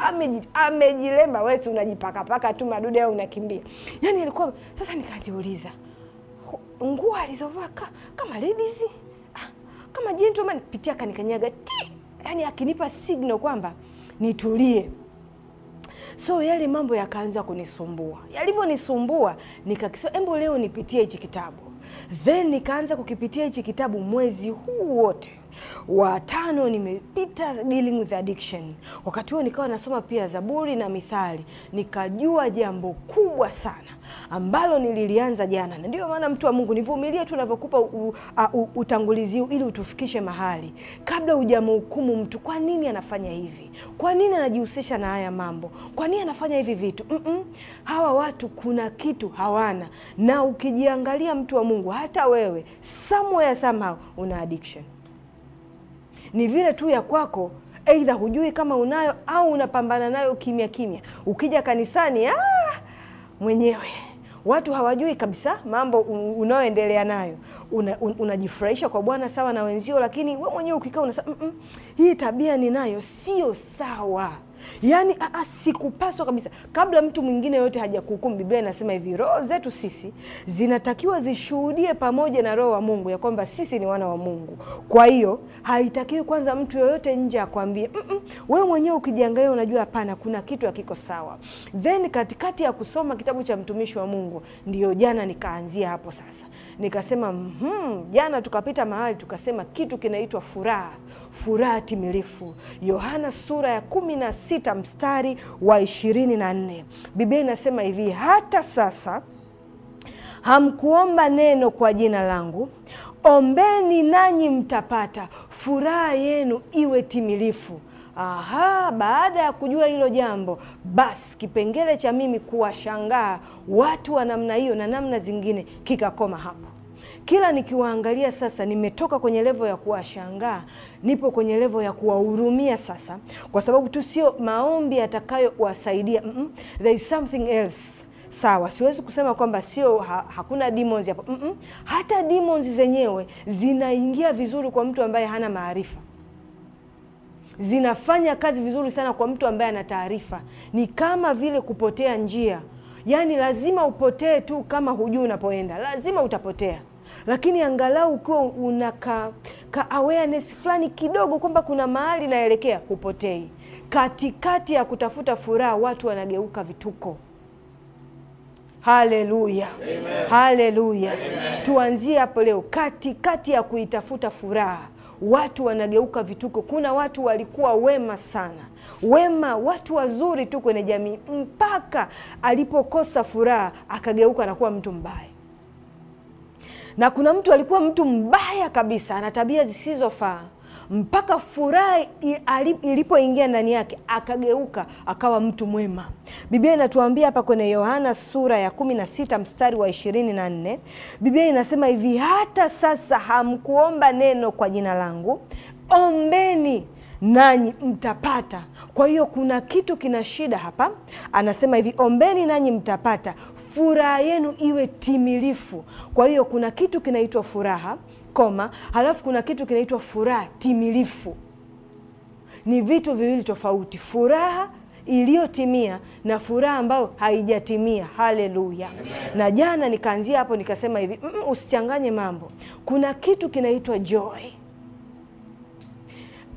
amejilemba, wewe unajipaka paka tu dude au unakimbia. Yaani ilikuwa sasa, nikajiuliza nguo alizovaa kama ladies ah, kama gentleman, pitia kanikanyaga ti, yaani akinipa signal kwamba nitulie. So yale mambo yakaanza kunisumbua. Yalivyonisumbua nikakisa embo leo nipitie hichi kitabu, then nikaanza kukipitia hichi kitabu mwezi huu wote Watano nimepita dealing with addiction. Wakati huo nikawa nasoma pia Zaburi na Mithali, nikajua jambo kubwa sana ambalo nililianza jana, na ndiyo maana mtu wa Mungu, nivumilie tu navyokupa utangulizi huu ili utufikishe mahali, kabla hujamhukumu mtu. Kwa nini anafanya hivi? Kwa nini anajihusisha na haya mambo? Kwa nini anafanya hivi vitu? mm -mm. Hawa watu kuna kitu hawana, na ukijiangalia, mtu wa Mungu, hata wewe somewhere somehow una addiction ni vile tu ya kwako eidha hujui kama unayo au unapambana nayo kimya kimya. Ukija kanisani ah, mwenyewe watu hawajui kabisa mambo unayoendelea nayo. Una, unajifurahisha kwa Bwana sawa na wenzio, lakini we mwenyewe ukikaa unasema mm -mm, hii tabia ninayo sio sawa yaani sikupaswa kabisa. Kabla mtu mwingine yote hajakuhukumu, Biblia inasema hivi, roho zetu sisi zinatakiwa zishuhudie pamoja na Roho wa Mungu ya kwamba sisi ni wana wa Mungu. Kwa hiyo haitakiwi kwanza mtu yoyote nje akwambie mm -mm, wewe mwenyewe ukijiangalia unajua hapana, kuna kitu hakiko sawa. Then katikati ya kusoma kitabu cha mtumishi wa Mungu, ndiyo jana nikaanzia hapo sasa, nikasema mm, jana tukapita mahali tukasema kitu kinaitwa furaha, furaha timilifu, Yohana sura ya kumi na sita mstari wa ishirini na nne Biblia inasema hivi, hata sasa hamkuomba neno kwa jina langu, ombeni nanyi mtapata, furaha yenu iwe timilifu. Aha, baada ya kujua hilo jambo, basi kipengele cha mimi kuwashangaa watu wa namna hiyo na namna zingine kikakoma hapo. Kila nikiwaangalia sasa, nimetoka kwenye levo ya kuwashangaa, nipo kwenye levo ya kuwahurumia sasa, kwa sababu tu sio maombi yatakayowasaidia. Mm -mm. There is something else Sawa, siwezi kusema kwamba sio ha, hakuna demons hapo mm -mm. Hata demons zenyewe zinaingia vizuri kwa mtu ambaye hana maarifa, zinafanya kazi vizuri sana kwa mtu ambaye ana taarifa. Ni kama vile kupotea njia, yaani lazima upotee tu, kama hujui unapoenda lazima utapotea lakini angalau ukiwa una ka, ka awareness fulani kidogo kwamba kuna mahali naelekea, hupotei. Katikati ya kutafuta furaha, watu wanageuka vituko. Haleluya, haleluya! Tuanzie hapo leo, katikati ya kuitafuta furaha watu wanageuka vituko. Kuna watu walikuwa wema sana, wema, watu wazuri tu kwenye jamii, mpaka alipokosa furaha akageuka na kuwa mtu mbaya na kuna mtu alikuwa mtu mbaya kabisa, ana tabia zisizofaa mpaka furaha ilipoingia ndani yake akageuka akawa mtu mwema. Biblia inatuambia hapa kwenye Yohana sura ya 16 mstari wa 24, Biblia inasema hivi, hata sasa hamkuomba neno kwa jina langu, ombeni nanyi mtapata. Kwa hiyo kuna kitu kina shida hapa. Anasema hivi, ombeni nanyi mtapata, furaha yenu iwe timilifu. Kwa hiyo kuna kitu kinaitwa furaha koma, halafu kuna kitu kinaitwa furaha timilifu. Ni vitu viwili tofauti, furaha iliyotimia na furaha ambayo haijatimia. Haleluya! Na jana nikaanzia hapo nikasema hivi, mm, mm usichanganye mambo. Kuna kitu kinaitwa joy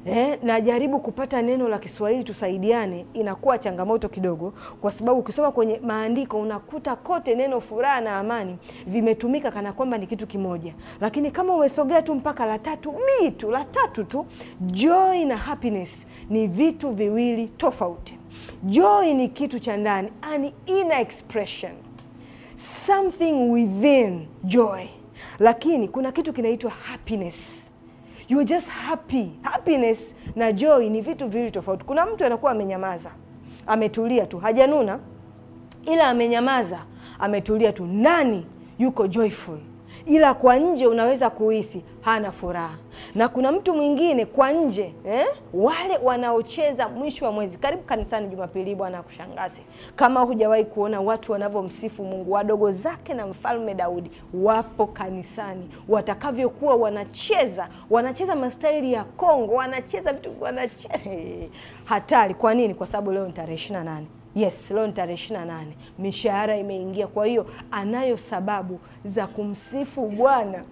eh, na jaribu kupata neno la Kiswahili tusaidiane, inakuwa changamoto kidogo, kwa sababu ukisoma kwenye maandiko unakuta kote neno furaha na amani vimetumika kana kwamba ni kitu kimoja, lakini kama umesogea tu mpaka la tatu b tu la tatu tu, joy na happiness ni vitu viwili tofauti. Joy ni kitu cha ndani, an yaani inner expression, something within joy, lakini kuna kitu kinaitwa happiness you are just happy. Happiness na joy ni vitu viwili tofauti. Kuna mtu anakuwa amenyamaza, ametulia tu, hajanuna, ila amenyamaza, ametulia tu. Nani yuko joyful? ila kwa nje unaweza kuhisi hana furaha. Na kuna mtu mwingine kwa nje eh, wale wanaocheza mwisho wa mwezi. Karibu kanisani Jumapili, Bwana akushangaze. Kama hujawahi kuona watu wanavyomsifu Mungu, wadogo zake na mfalme Daudi wapo kanisani, watakavyokuwa wanacheza, wanacheza mastaili ya Kongo, wanacheza vitu, wanacheza eh, hatari. Kwa nini? Kwa sababu leo ni tarehe 28. Yes, leo ni tarehe 28, mishahara imeingia. Kwa hiyo anayo sababu za kumsifu Bwana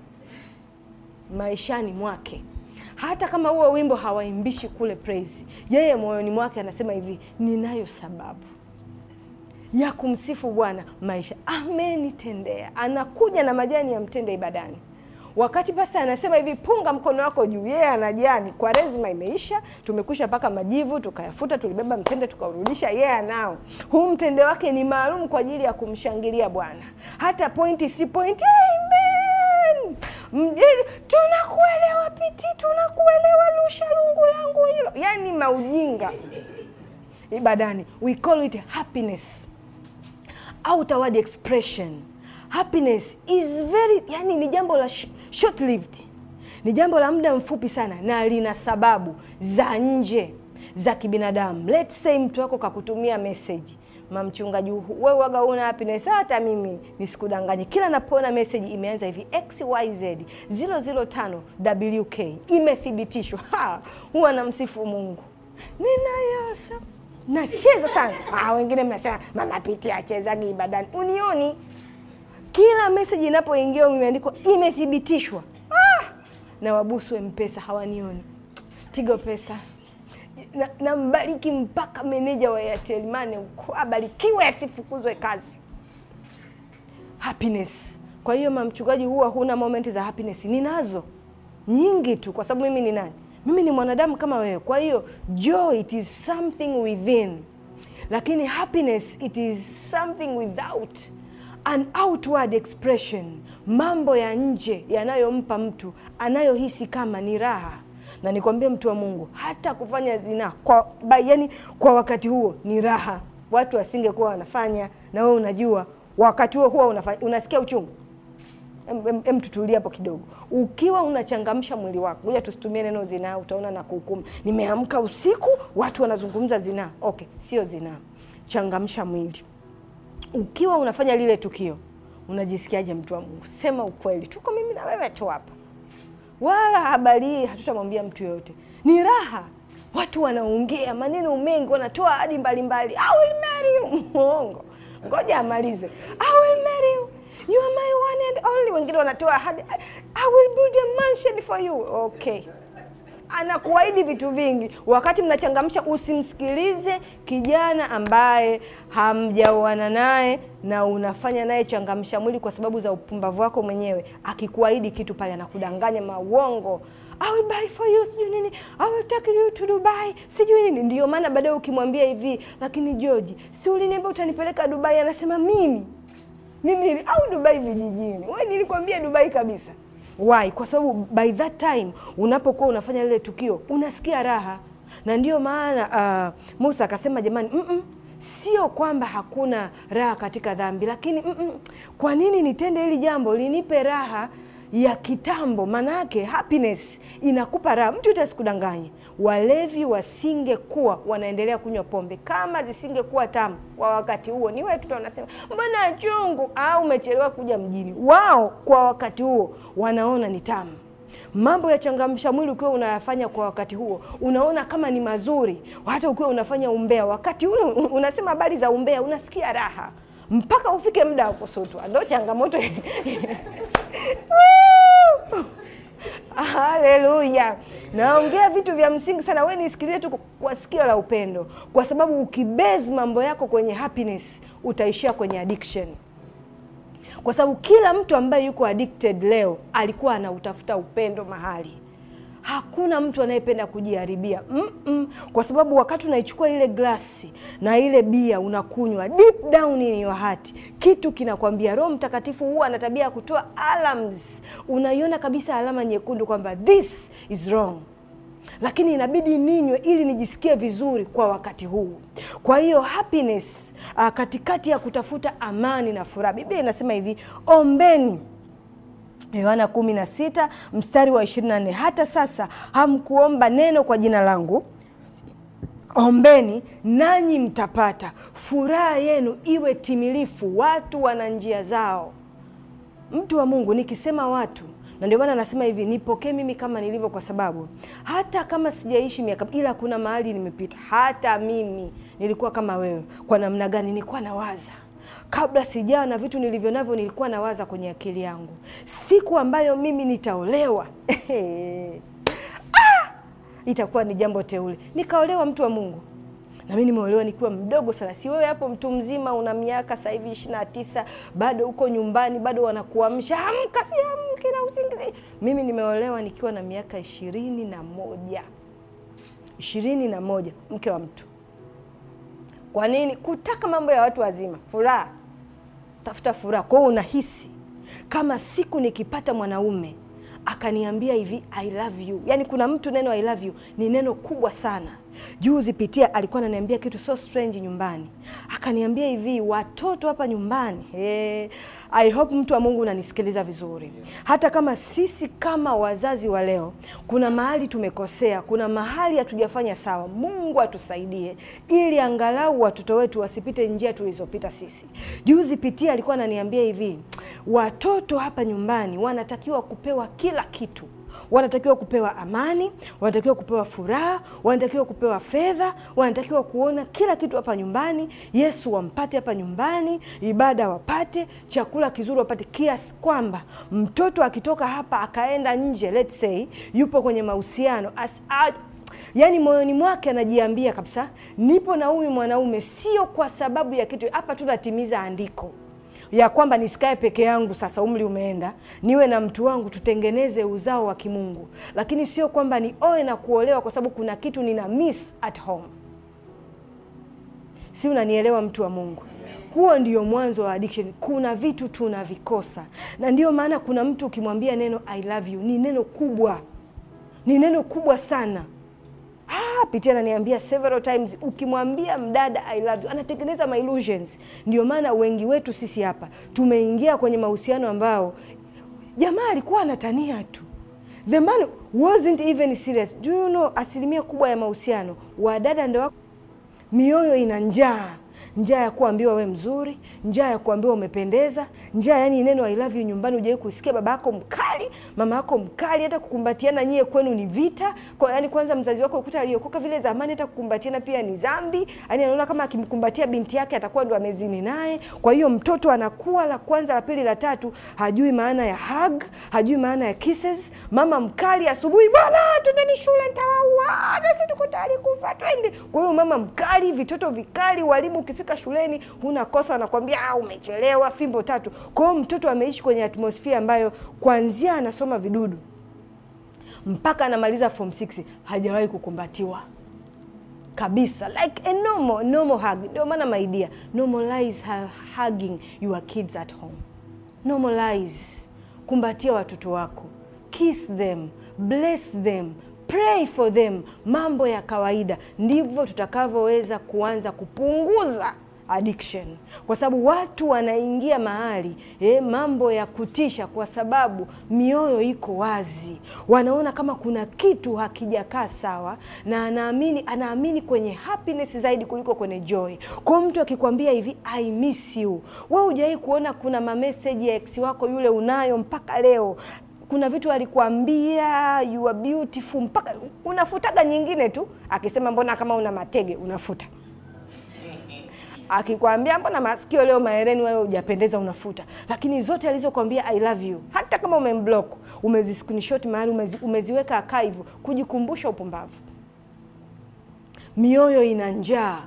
maishani mwake, hata kama huo wimbo hawaimbishi kule praise, yeye moyoni mwake anasema hivi, ninayo sababu ya kumsifu Bwana maisha amenitendea. Anakuja na majani ya mtende ibadani. Wakati pasa anasema hivi, punga mkono wako juu, yeye anajani. Kwaresma imeisha, tumekusha paka majivu, tukayafuta, tulibeba mtende tukaurudisha, yeye anao huu mtende wake ni maalum kwa ajili ya kumshangilia Bwana. Hata pointi si pointi, amen. Mm, eh, tunakuelewa Piti, tunakuelewa Lusha, lungu langu hilo, yani maujinga ibadani. We call it happiness, outward expression. Happiness is very, yani ni jambo la short lived, ni jambo la muda mfupi sana na lina sababu za nje za kibinadamu. Let's say mtu wako kakutumia message Mamchungaji, wewe waga una happiness. Hata mimi nisikudanganye, kila napoona message imeanza hivi xyz 005 wk imethibitishwa, huwa namsifu Mungu, ninayasa nacheza sana. Ah, wengine mnasema mama piti achezagi ibadani, unioni kila message inapoingia imeandikwa imethibitishwa. Ah! Na wabusu Mpesa hawanioni. Tigo Pesa na, na mpaka meneja wa Airtel Money huko abarikiwe asifukuzwe kazi. Happiness. Kwa hiyo mamchungaji, huwa huna momenti za happiness? Ninazo nyingi tu, kwa sababu mimi ni nani? Mimi ni mwanadamu kama wewe. Kwa hiyo joy, it is something within, lakini happiness it is something without an outward expression, mambo ya nje yanayompa mtu anayohisi kama ni raha. Na nikwambie mtu wa Mungu, hata kufanya zinaa kwa yani, kwa wakati huo ni raha, watu wasingekuwa wanafanya. Na wewe unajua wakati huo huwa unasikia uchungu. Em, hapo kidogo. Ukiwa unachangamsha mwili wako, ngoja tusitumie neno zinaa, utaona na kuhukumu. Nimeamka usiku, watu wanazungumza zinaa. Okay, sio zinaa, changamsha mwili ukiwa unafanya lile tukio unajisikiaje? Mtu wa Mungu, sema ukweli, tuko mimi na wewe tu hapa, wala habari hii hatutamwambia mtu yoyote. Ni raha, watu wanaongea maneno mengi, wanatoa ahadi mbalimbali. I will marry you, muongo. Ngoja amalize. I will marry you, you are my one and only. Wengine wanatoa ahadi, I will build a mansion for you. Okay anakuahidi vitu vingi. Wakati mnachangamsha, usimsikilize kijana ambaye hamjaoana naye na unafanya naye changamsha mwili kwa sababu za upumbavu wako mwenyewe. Akikuahidi kitu pale, anakudanganya mauongo. I will buy for you sijui nini, I will take you to Dubai sijui nini. maana baadaye ukimwambia hivi, lakini George, si uliniambia utanipeleka Dubai? Anasema mimi mimi au Dubai vijijini, wewe nilikwambia Dubai kabisa. Why? Kwa sababu by that time unapokuwa unafanya lile tukio unasikia raha, na ndiyo maana uh, Musa akasema jamani, mm -mm, sio kwamba hakuna raha katika dhambi, lakini mm -mm, kwa nini nitende hili jambo linipe raha ya kitambo. Maana yake happiness inakupa raha, mtu utasikudanganye. Walevi wasingekuwa wanaendelea kunywa pombe kama zisingekuwa tamu kwa wakati huo. Ni wewe tu unasema mbona chungu, au umechelewa kuja mjini. Wao kwa wakati huo wanaona ni tamu mambo ya changamsha mwili ukiwa unayafanya kwa wakati huo unaona kama ni mazuri. Hata ukiwa unafanya umbea wakati ule unasema habari za umbea, unasikia raha mpaka ufike muda wa kusutwa, ndio changamoto Haleluya! Naongea vitu vya msingi sana. We nisikilize tu kwa sikio la upendo, kwa sababu ukibase mambo yako kwenye happiness utaishia kwenye addiction, kwa sababu kila mtu ambaye yuko addicted leo alikuwa anautafuta upendo mahali hakuna mtu anayependa kujiharibia mm -mm. Kwa sababu wakati unaichukua ile glasi na ile bia unakunywa, deep down in your heart kitu kinakwambia. Roho Mtakatifu huwa ana tabia ya kutoa alarms, unaiona kabisa alama nyekundu kwamba this is wrong lakini inabidi ninywe ili nijisikie vizuri kwa wakati huu. Kwa hiyo happiness, ah, katikati ya kutafuta amani na furaha, Biblia inasema hivi, ombeni Yohana 16 mstari wa 24, hata sasa hamkuomba neno kwa jina langu Ombeni nanyi mtapata, furaha yenu iwe timilifu. Watu wana njia zao. Mtu wa Mungu, nikisema watu, na ndio maana anasema hivi, nipokee mimi kama nilivyo, kwa sababu hata kama sijaishi miaka, ila kuna mahali nimepita. Hata mimi nilikuwa kama wewe. Kwa namna gani? Nilikuwa nawaza kabla sijaa na vitu nilivyo navyo, nilikuwa nawaza kwenye akili yangu siku ambayo mimi nitaolewa ah! itakuwa ni jambo teule. Nikaolewa mtu wa Mungu, na mimi nimeolewa nikiwa mdogo sana. Si wewe hapo mtu mzima una miaka sasa hivi ishirini na tisa bado uko nyumbani, bado wanakuamsha amka, si amke na usingizi. Mimi nimeolewa nikiwa na miaka ishirini na moja ishirini na moja mke wa mtu. Kwa nini? Kutaka mambo ya watu wazima, furaha tafuta furaha kwao. Unahisi kama siku nikipata mwanaume akaniambia hivi I love you, yani kuna mtu neno I love you ni neno kubwa sana Juzi Pitia alikuwa ananiambia kitu so strange nyumbani, akaniambia hivi, watoto hapa nyumbani hey, I hope mtu wa Mungu unanisikiliza vizuri. Hata kama sisi kama wazazi wa leo kuna mahali tumekosea, kuna mahali hatujafanya sawa, Mungu atusaidie ili angalau watoto wetu wasipite njia tulizopita sisi. Juzi Pitia alikuwa ananiambia hivi, watoto hapa nyumbani wanatakiwa kupewa kila kitu wanatakiwa kupewa amani, wanatakiwa kupewa furaha, wanatakiwa kupewa fedha, wanatakiwa kuona kila kitu hapa nyumbani. Yesu wampate hapa nyumbani, ibada wapate, chakula kizuri wapate, kiasi kwamba mtoto akitoka hapa akaenda nje, let's say yupo kwenye mahusiano as yaani moyoni mwake anajiambia kabisa, nipo na huyu mwanaume, sio kwa sababu ya kitu hapa. Tunatimiza andiko ya kwamba nisikae peke yangu, sasa umri umeenda, niwe na mtu wangu, tutengeneze uzao wa kimungu, lakini sio kwamba nioe na kuolewa kwa sababu kuna kitu nina miss at home. Si unanielewa mtu wa Mungu? Huo ndio mwanzo wa addiction. Kuna vitu tunavikosa, na ndio maana kuna mtu ukimwambia neno I love you, ni neno kubwa, ni neno kubwa sana Ah, Piti ananiambia several times, ukimwambia mdada I love you anatengeneza my illusions. Ndio maana wengi wetu sisi hapa tumeingia kwenye mahusiano ambao jamaa alikuwa anatania tu, the man wasn't even serious. Do you know, asilimia kubwa ya mahusiano wadada ndio wako, mioyo ina njaa njaa ya kuambiwa we mzuri, njaa ya kuambiwa umependeza, njaa yani neno I love you nyumbani hujawahi kusikia. Baba yako mkali, mama yako mkali, hata kukumbatiana nyie kwenu ni vita. Kwa yani kwanza mzazi wako ukuta aliokoka vile zamani, hata kukumbatiana pia ni dhambi. Yani anaona kama akimkumbatia binti yake atakuwa ndo amezini naye. Kwa hiyo mtoto anakuwa la kwanza, la pili, la tatu, hajui maana ya hug, hajui maana ya kisses. Mama mkali, asubuhi bwana, twendeni shule, nitawaua sisi tuko tayari kufa, twende. Kwa hiyo mama mkali, vitoto vikali, walimu ukifika shuleni huna kosa, anakwambia ah, umechelewa, fimbo tatu. Kwa hiyo mtoto ameishi kwenye atmosfia ambayo kuanzia anasoma vidudu mpaka anamaliza form 6 hajawahi kukumbatiwa kabisa like a normal normal hug. Ndio maana my dear, normalize hugging your kids at home, normalize kumbatia watoto wako, kiss them, bless them, pray for them, mambo ya kawaida. Ndivyo tutakavyoweza kuanza kupunguza addiction kwa sababu watu wanaingia mahali eh, mambo ya kutisha, kwa sababu mioyo iko wazi, wanaona kama kuna kitu hakijakaa sawa, na anaamini anaamini kwenye happiness zaidi kuliko kwenye joy. Kwa mtu akikwambia hivi I miss you, we hujawahi kuona kuna mameseji ya ex wako yule unayo mpaka leo, kuna vitu alikuambia you are beautiful, mpaka unafutaga nyingine tu, akisema mbona kama una matege unafuta akikwambia mbona masikio leo maereni wewe hujapendeza unafuta, lakini zote alizokwambia I love you, hata kama umemblock umeziscreenshot mahali umezi, umeziweka archive kujikumbusha upumbavu. Mioyo ina njaa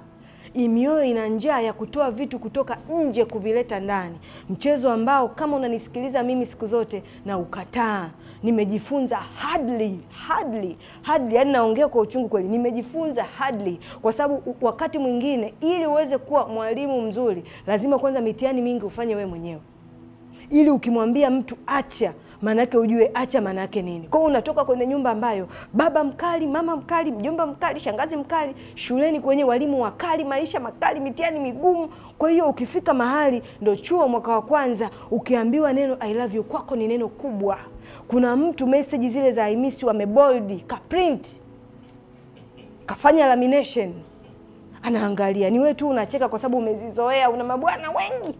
mioyo ina njaa ya kutoa vitu kutoka nje kuvileta ndani, mchezo ambao kama unanisikiliza mimi siku zote na ukataa, nimejifunza hardly, hardly, hardly, yani naongea kwa uchungu kweli, nimejifunza hardly, kwa sababu wakati mwingine ili uweze kuwa mwalimu mzuri lazima kwanza mitihani mingi ufanye wewe mwenyewe, ili ukimwambia mtu acha maanake ujue acha maanake nini. Kwa unatoka kwenye nyumba ambayo baba mkali, mama mkali, mjomba mkali, shangazi mkali, shuleni kwenye walimu wakali, maisha makali, mitihani migumu. Kwa hiyo ukifika mahali ndo chuo mwaka wa kwanza, ukiambiwa neno I love you kwako ni neno kubwa. Kuna mtu meseji zile za aimisi miss you kaprint, kafanya lamination, anaangalia. Ni wewe tu unacheka kwa sababu umezizoea, una mabwana wengi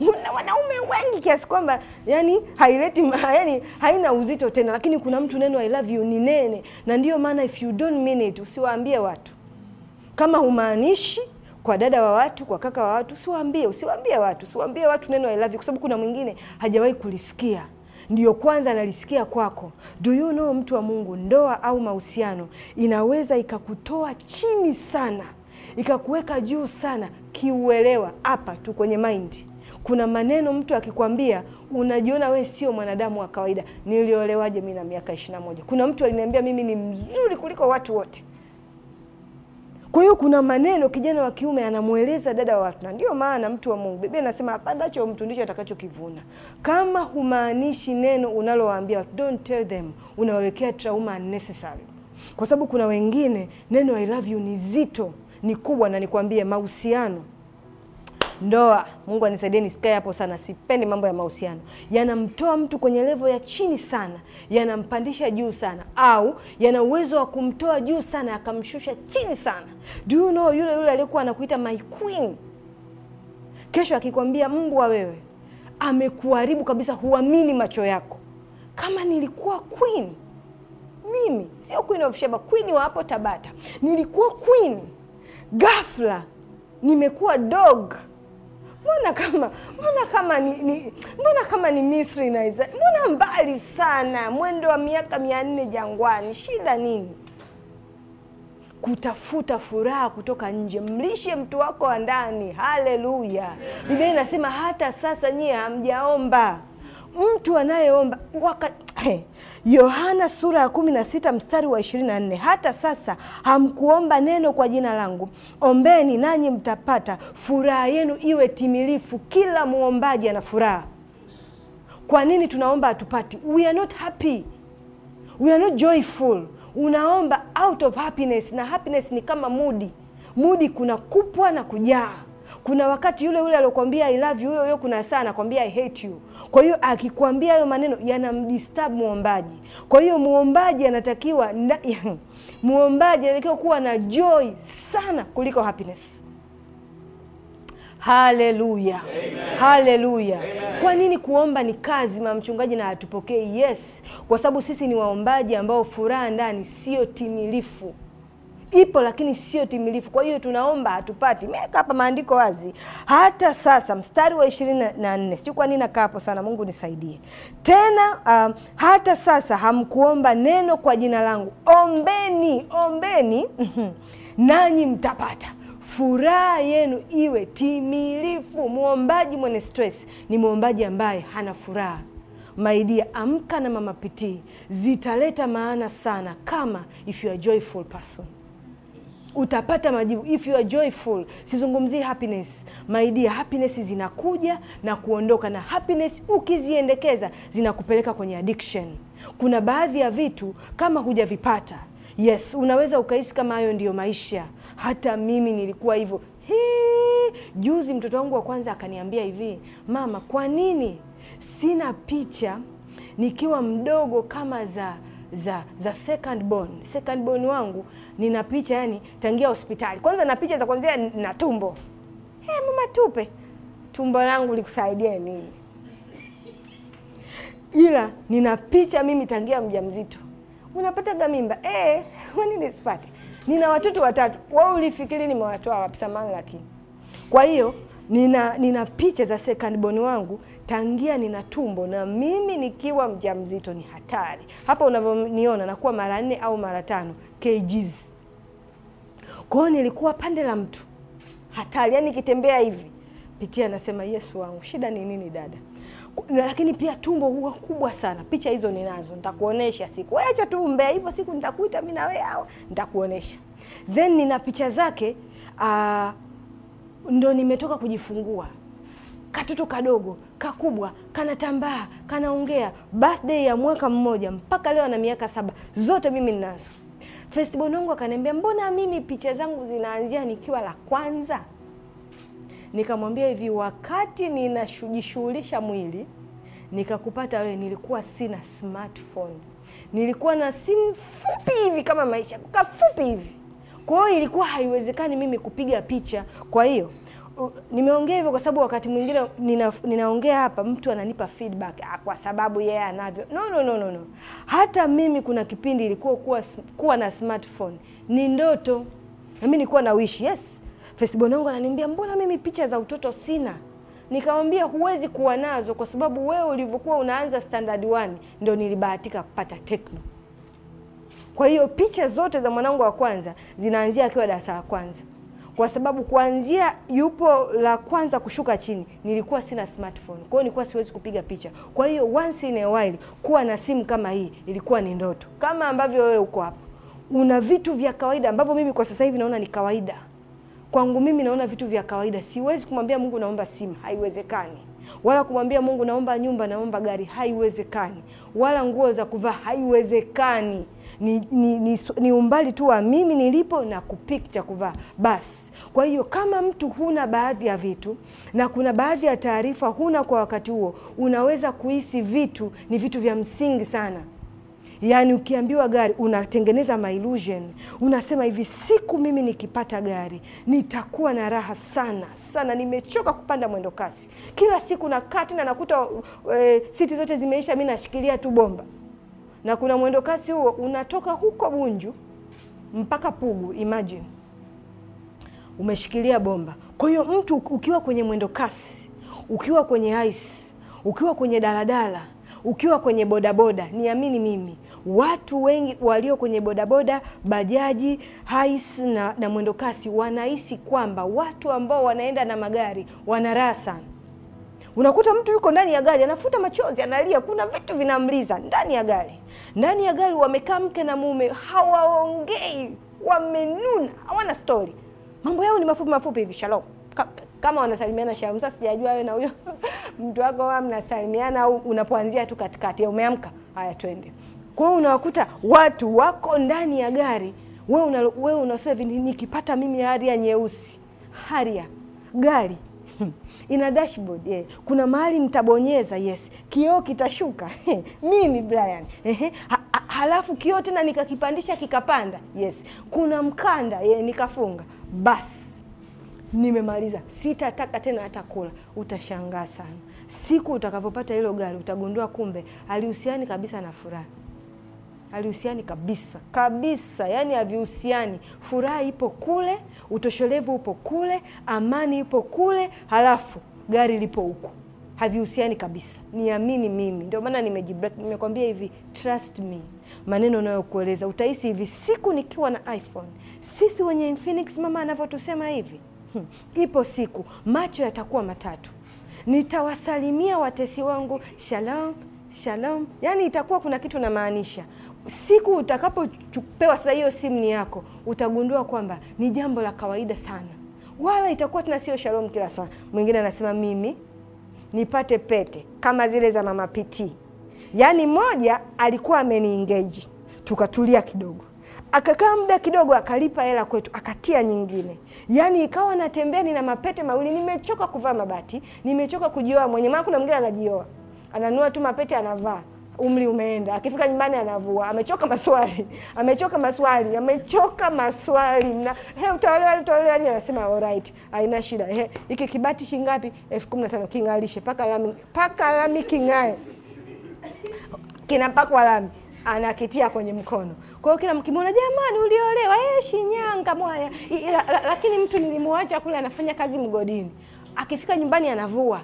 mna wanaume wengi kiasi kwamba yani haileti yani haina uzito tena, lakini kuna mtu neno I love you ni nene, na ndio maana if you don't mean it, usiwaambie watu kama humaanishi kwa dada wa watu, kwa kaka wa watu, usiwaambie, usiwaambie watu, usiwaambie watu neno I love you, kwa sababu kuna mwingine hajawahi kulisikia ndiyo kwanza analisikia kwako. Do you know, mtu wa Mungu, ndoa au mahusiano inaweza ikakutoa chini sana, ikakuweka juu sana kiuelewa, hapa tu kwenye maindi kuna maneno mtu akikwambia unajiona we sio mwanadamu wa kawaida. Niliolewaje mi na miaka ishirini moja? Kuna mtu aliniambia mimi ni mzuri kuliko watu wote. Kwa hiyo kuna maneno kijana wa kiume anamweleza dada wa watu, na ndio maana mtu wa Mungu, Biblia inasema apandacho mtu ndicho atakachokivuna. Kama humaanishi neno unalowaambia don't tell them, unawawekea trauma unnecessary, kwa sababu kuna wengine neno I love you ni zito, ni kubwa, na nikwambie mahusiano ndoa. Mungu anisaidie nisikae hapo sana, sipendi mambo ya mahusiano. Yanamtoa mtu kwenye levo ya chini sana, yanampandisha juu sana, au yana uwezo wa kumtoa juu sana akamshusha chini sana. Do you know, yule yule aliyekuwa anakuita my queen, kesho akikwambia mbwa wewe, amekuharibu kabisa, huamini macho yako. Kama nilikuwa queen mimi, sio queen of Sheba, queen wa hapo Tabata, nilikuwa queen, ghafla nimekuwa dog mbona kama mbona kama ni, ni mbona kama ni Misri na Israeli, mbona mbali sana, mwendo wa miaka mia nne jangwani, shida nini? Kutafuta furaha kutoka nje, mlishe mtu wako wa ndani. Haleluya! Biblia inasema hata sasa nyie hamjaomba mtu anayeomba waka Yohana sura ya kumi na sita mstari wa ishirini na nne hata sasa hamkuomba neno kwa jina langu, ombeni nanyi mtapata, furaha yenu iwe timilifu. Kila mwombaji ana furaha. Kwa nini tunaomba hatupati? We are not happy, we are not joyful. Unaomba out of happiness, na happiness ni kama mudi mudi, kuna kupwa na kujaa kuna wakati yule yule aliokwambia I love you, huyo huyo kuna saa anakwambia I hate you. Kwa hiyo akikwambia hayo maneno yanamdisturb muombaji. Kwa hiyo muombaji anatakiwa muombaji anatakiwa kuwa na joy sana kuliko happiness. Haleluya, haleluya! Kwa nini kuomba ni kazi, mama mchungaji, na hatupokei? Yes, kwa sababu sisi ni waombaji ambao furaha ndani sio timilifu ipo lakini sio timilifu. Kwa hiyo tunaomba hatupati. Meweka hapa maandiko wazi, hata sasa mstari wa ishirini na nne. Sijui kwa nini nakaa hapo sana, Mungu nisaidie tena. Um, hata sasa hamkuomba neno kwa jina langu, ombeni, ombeni mhm, nanyi mtapata furaha yenu iwe timilifu. Mwombaji mwenye stress ni mwombaji ambaye hana furaha. Maidia, amka na mama pitii zitaleta maana sana kama if you are joyful person utapata majibu if you are joyful. Sizungumzii happiness my dear, happiness zinakuja na kuondoka, na happiness ukiziendekeza zinakupeleka kwenye addiction. Kuna baadhi ya vitu kama hujavipata, yes, unaweza ukahisi kama hayo ndiyo maisha. Hata mimi nilikuwa hivyo. Juzi mtoto wangu wa kwanza akaniambia hivi, mama, kwa nini sina picha nikiwa mdogo kama za za za second born. Second born wangu nina picha yani tangia hospitali kwanza, na picha za kwanza na tumbo. Hey, eh, mama tupe tumbo langu likusaidia nini? Ila nina picha mimi tangia mjamzito. Unapataga gamimba? mimba eh, wani nisipate? Nina watoto watatu. Wao ulifikiri nimewatoa wapi? Samahani, lakini kwa hiyo nina nina picha za second born wangu tangia nina tumbo na mimi nikiwa mjamzito ni hatari. Hapa unavyoniona nakuwa mara nne au mara tano kgs. Kwa hiyo nilikuwa pande la mtu hatari, yani nikitembea hivi pitia, nasema Yesu wangu, shida ni nini dada? Lakini pia tumbo huwa kubwa sana. Picha hizo ninazo, nitakuonesha siku, acha tu umbea hivyo, siku nitakuita mimi na wewe, hawa nitakuonesha. Then nina picha zake uh, ndo nimetoka kujifungua katoto kadogo kakubwa kanatambaa kanaongea. Birthday ya mwaka mmoja mpaka leo na miaka saba zote mimi ninazo. Festival akaniambia, mbona mimi picha zangu zinaanzia nikiwa la kwanza? Nikamwambia hivi, wakati ninajishughulisha mwili nikakupata wewe, nilikuwa sina smartphone, nilikuwa na simu fupi hivi kama maisha kafupi hivi, kwa hiyo ilikuwa haiwezekani mimi kupiga picha, kwa hiyo nimeongea hivyo kwa sababu wakati mwingine nina, ninaongea hapa mtu ananipa feedback ah, kwa sababu yeye yeah, anavyo. No, no, no, no, no. Hata mimi kuna kipindi ilikuwa kuwa, kuwa na smartphone ni ndoto, nami nilikuwa na wish yes. Facebook yangu ananiambia mbona mimi picha za utoto sina? Nikamwambia huwezi kuwa nazo kwa sababu wewe ulivyokuwa unaanza standard 1 ndio nilibahatika kupata Tecno. Kwa hiyo picha zote za mwanangu wa kwanza zinaanzia akiwa darasa la kwanza kwa sababu kuanzia yupo la kwanza kushuka chini nilikuwa sina smartphone, kwa hiyo nilikuwa siwezi kupiga picha. Kwa hiyo once in a while kuwa na simu kama hii ilikuwa ni ndoto, kama ambavyo wewe uko hapo una vitu vya kawaida ambavyo mimi kwa sasa hivi naona ni kawaida kwangu. Mimi naona vitu vya kawaida, siwezi kumwambia Mungu naomba simu, haiwezekani wala kumwambia Mungu naomba nyumba, naomba gari, haiwezekani. Wala nguo za kuvaa, haiwezekani. Ni, ni, ni, ni umbali tu wa mimi nilipo na kupicha kuvaa basi. Kwa hiyo kama mtu huna baadhi ya vitu na kuna baadhi ya taarifa huna kwa wakati huo, unaweza kuhisi vitu ni vitu vya msingi sana. Yaani ukiambiwa gari unatengeneza mailusion, unasema hivi, siku mimi nikipata gari nitakuwa na raha sana sana, nimechoka kupanda mwendo kasi kila siku nakaa tena nakuta e, siti zote zimeisha, mi nashikilia tu bomba, na kuna mwendo kasi huo unatoka huko Bunju mpaka Pugu, imagine umeshikilia bomba. Kwa hiyo mtu ukiwa kwenye mwendo kasi, ukiwa kwenye ice, ukiwa kwenye daladala, ukiwa kwenye bodaboda, niamini mimi, watu wengi walio kwenye bodaboda, bajaji, ice na, na mwendo kasi wanahisi kwamba watu ambao wanaenda na magari wana raha sana. Unakuta mtu yuko ndani ya gari anafuta machozi, analia, kuna vitu vinamliza ndani ya gari. Ndani ya gari wamekaa mke na mume, hawaongei, wamenuna, hawana stori mambo yao ni mafupi mafupi hivi shalom kama wanasalimiana shalom. Sasa sijajua wewe na huyo mtu wako wao mnasalimiana au unapoanzia tu katikati, umeamka haya, twende. Kwa hiyo unawakuta watu wako ndani ya gari, wewe una, wewe unasema hivi, nikipata mimi haria nyeusi, haria gari hmm, ina dashboard yeah. Kuna mahali nitabonyeza yes, kioo kitashuka mimi Brian halafu kio tena nikakipandisha kikapanda, yes, kuna mkanda ye, nikafunga basi nimemaliza, sitataka tena hata kula. Utashangaa sana siku utakavyopata hilo gari, utagundua kumbe alihusiani kabisa na furaha, alihusiani kabisa kabisa, yani havihusiani. Furaha ipo kule, utoshelevu upo kule, amani ipo kule, halafu gari lipo huku havihusiani kabisa. Niamini mimi, ndio maana nimejibreak. Nimekwambia hivi, trust me, maneno unayokueleza utahisi hivi. Siku nikiwa na iPhone, sisi wenye Infinix mama anavyotusema hivi hmm. Ipo siku macho yatakuwa matatu, nitawasalimia watesi wangu shalom shalom, yaani itakuwa kuna kitu namaanisha. Siku utakapopewa sasa hiyo simu ni yako, utagundua kwamba ni jambo la kawaida sana, wala itakuwa tena sio shalom kila saa. Mwingine anasema mimi nipate pete kama zile za mama Piti. Yaani moja alikuwa ameniengage, tukatulia kidogo, akakaa muda kidogo, akalipa hela kwetu, akatia nyingine. Yaani ikawa natembea nina mapete mawili. Nimechoka kuvaa mabati, nimechoka kujioa mwenye, maana kuna mwingine anajioa, ananua tu mapete anavaa umri umeenda, akifika nyumbani anavua, amechoka maswali, amechoka maswali, amechoka maswali na he, utaolewa utaolewa nini? Yaani anasema alright, haina shida. He, hiki kibati shingapi? elfu kumi na tano. King'alishe paka lami, paka lami king'ae, kinapakwa lami anakitia kwenye mkono. Kwa hiyo kila mkimwona, jamani, uliolewa eh, Shinyanga mwaya. Lakini mtu nilimwacha kule anafanya kazi mgodini, akifika nyumbani anavua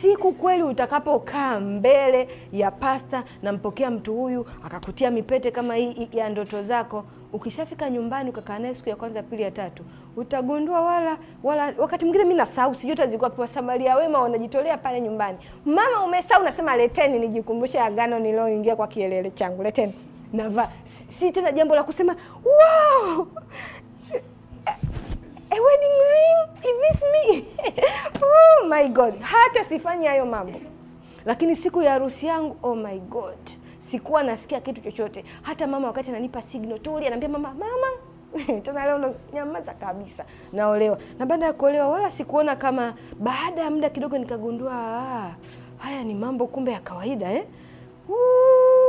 siku kweli utakapokaa mbele ya pasta, nampokea mtu huyu akakutia mipete kama hii ya ndoto zako, ukishafika nyumbani ukakaa naye siku ya kwanza, pili, ya tatu, utagundua wala wala, wakati mwingine mimi nasahau, sijui tazikuwa kwa Samaria wema wanajitolea pale nyumbani, mama umesahau, nasema leteni nijikumbushe agano nilioingia kwa kielele changu, leteni nava si tena jambo la kusema wow! a wedding ring? Is this me? oh my God, hata sifanyi hayo mambo. Lakini siku ya harusi yangu, oh my God, sikuwa nasikia kitu chochote. Hata mama wakati ananipa signal tuli, anaambia mama, mama tena leo ndo nyamaza kabisa, naolewa. Na baada ya kuolewa wala sikuona kama, baada ya muda kidogo nikagundua, ah, haya ni mambo kumbe ya kawaida eh? Uuu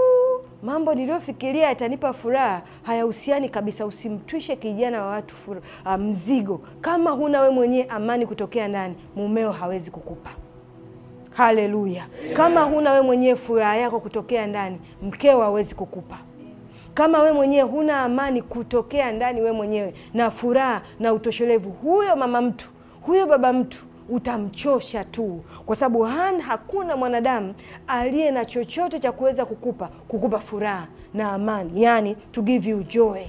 mambo niliyofikiria yatanipa furaha hayahusiani kabisa. Usimtwishe kijana wa watu fura, ah, mzigo kama huna we mwenyewe amani kutokea ndani, mumeo hawezi kukupa. Haleluya! kama huna we mwenyewe furaha yako kutokea ndani, mkeo hawezi kukupa. Kama we mwenyewe huna amani kutokea ndani we mwenyewe na furaha na utoshelevu, huyo mama mtu, huyo baba mtu utamchosha tu, kwa sababu han hakuna mwanadamu aliye na chochote cha kuweza kukupa kukupa furaha na amani, yani to give you joy.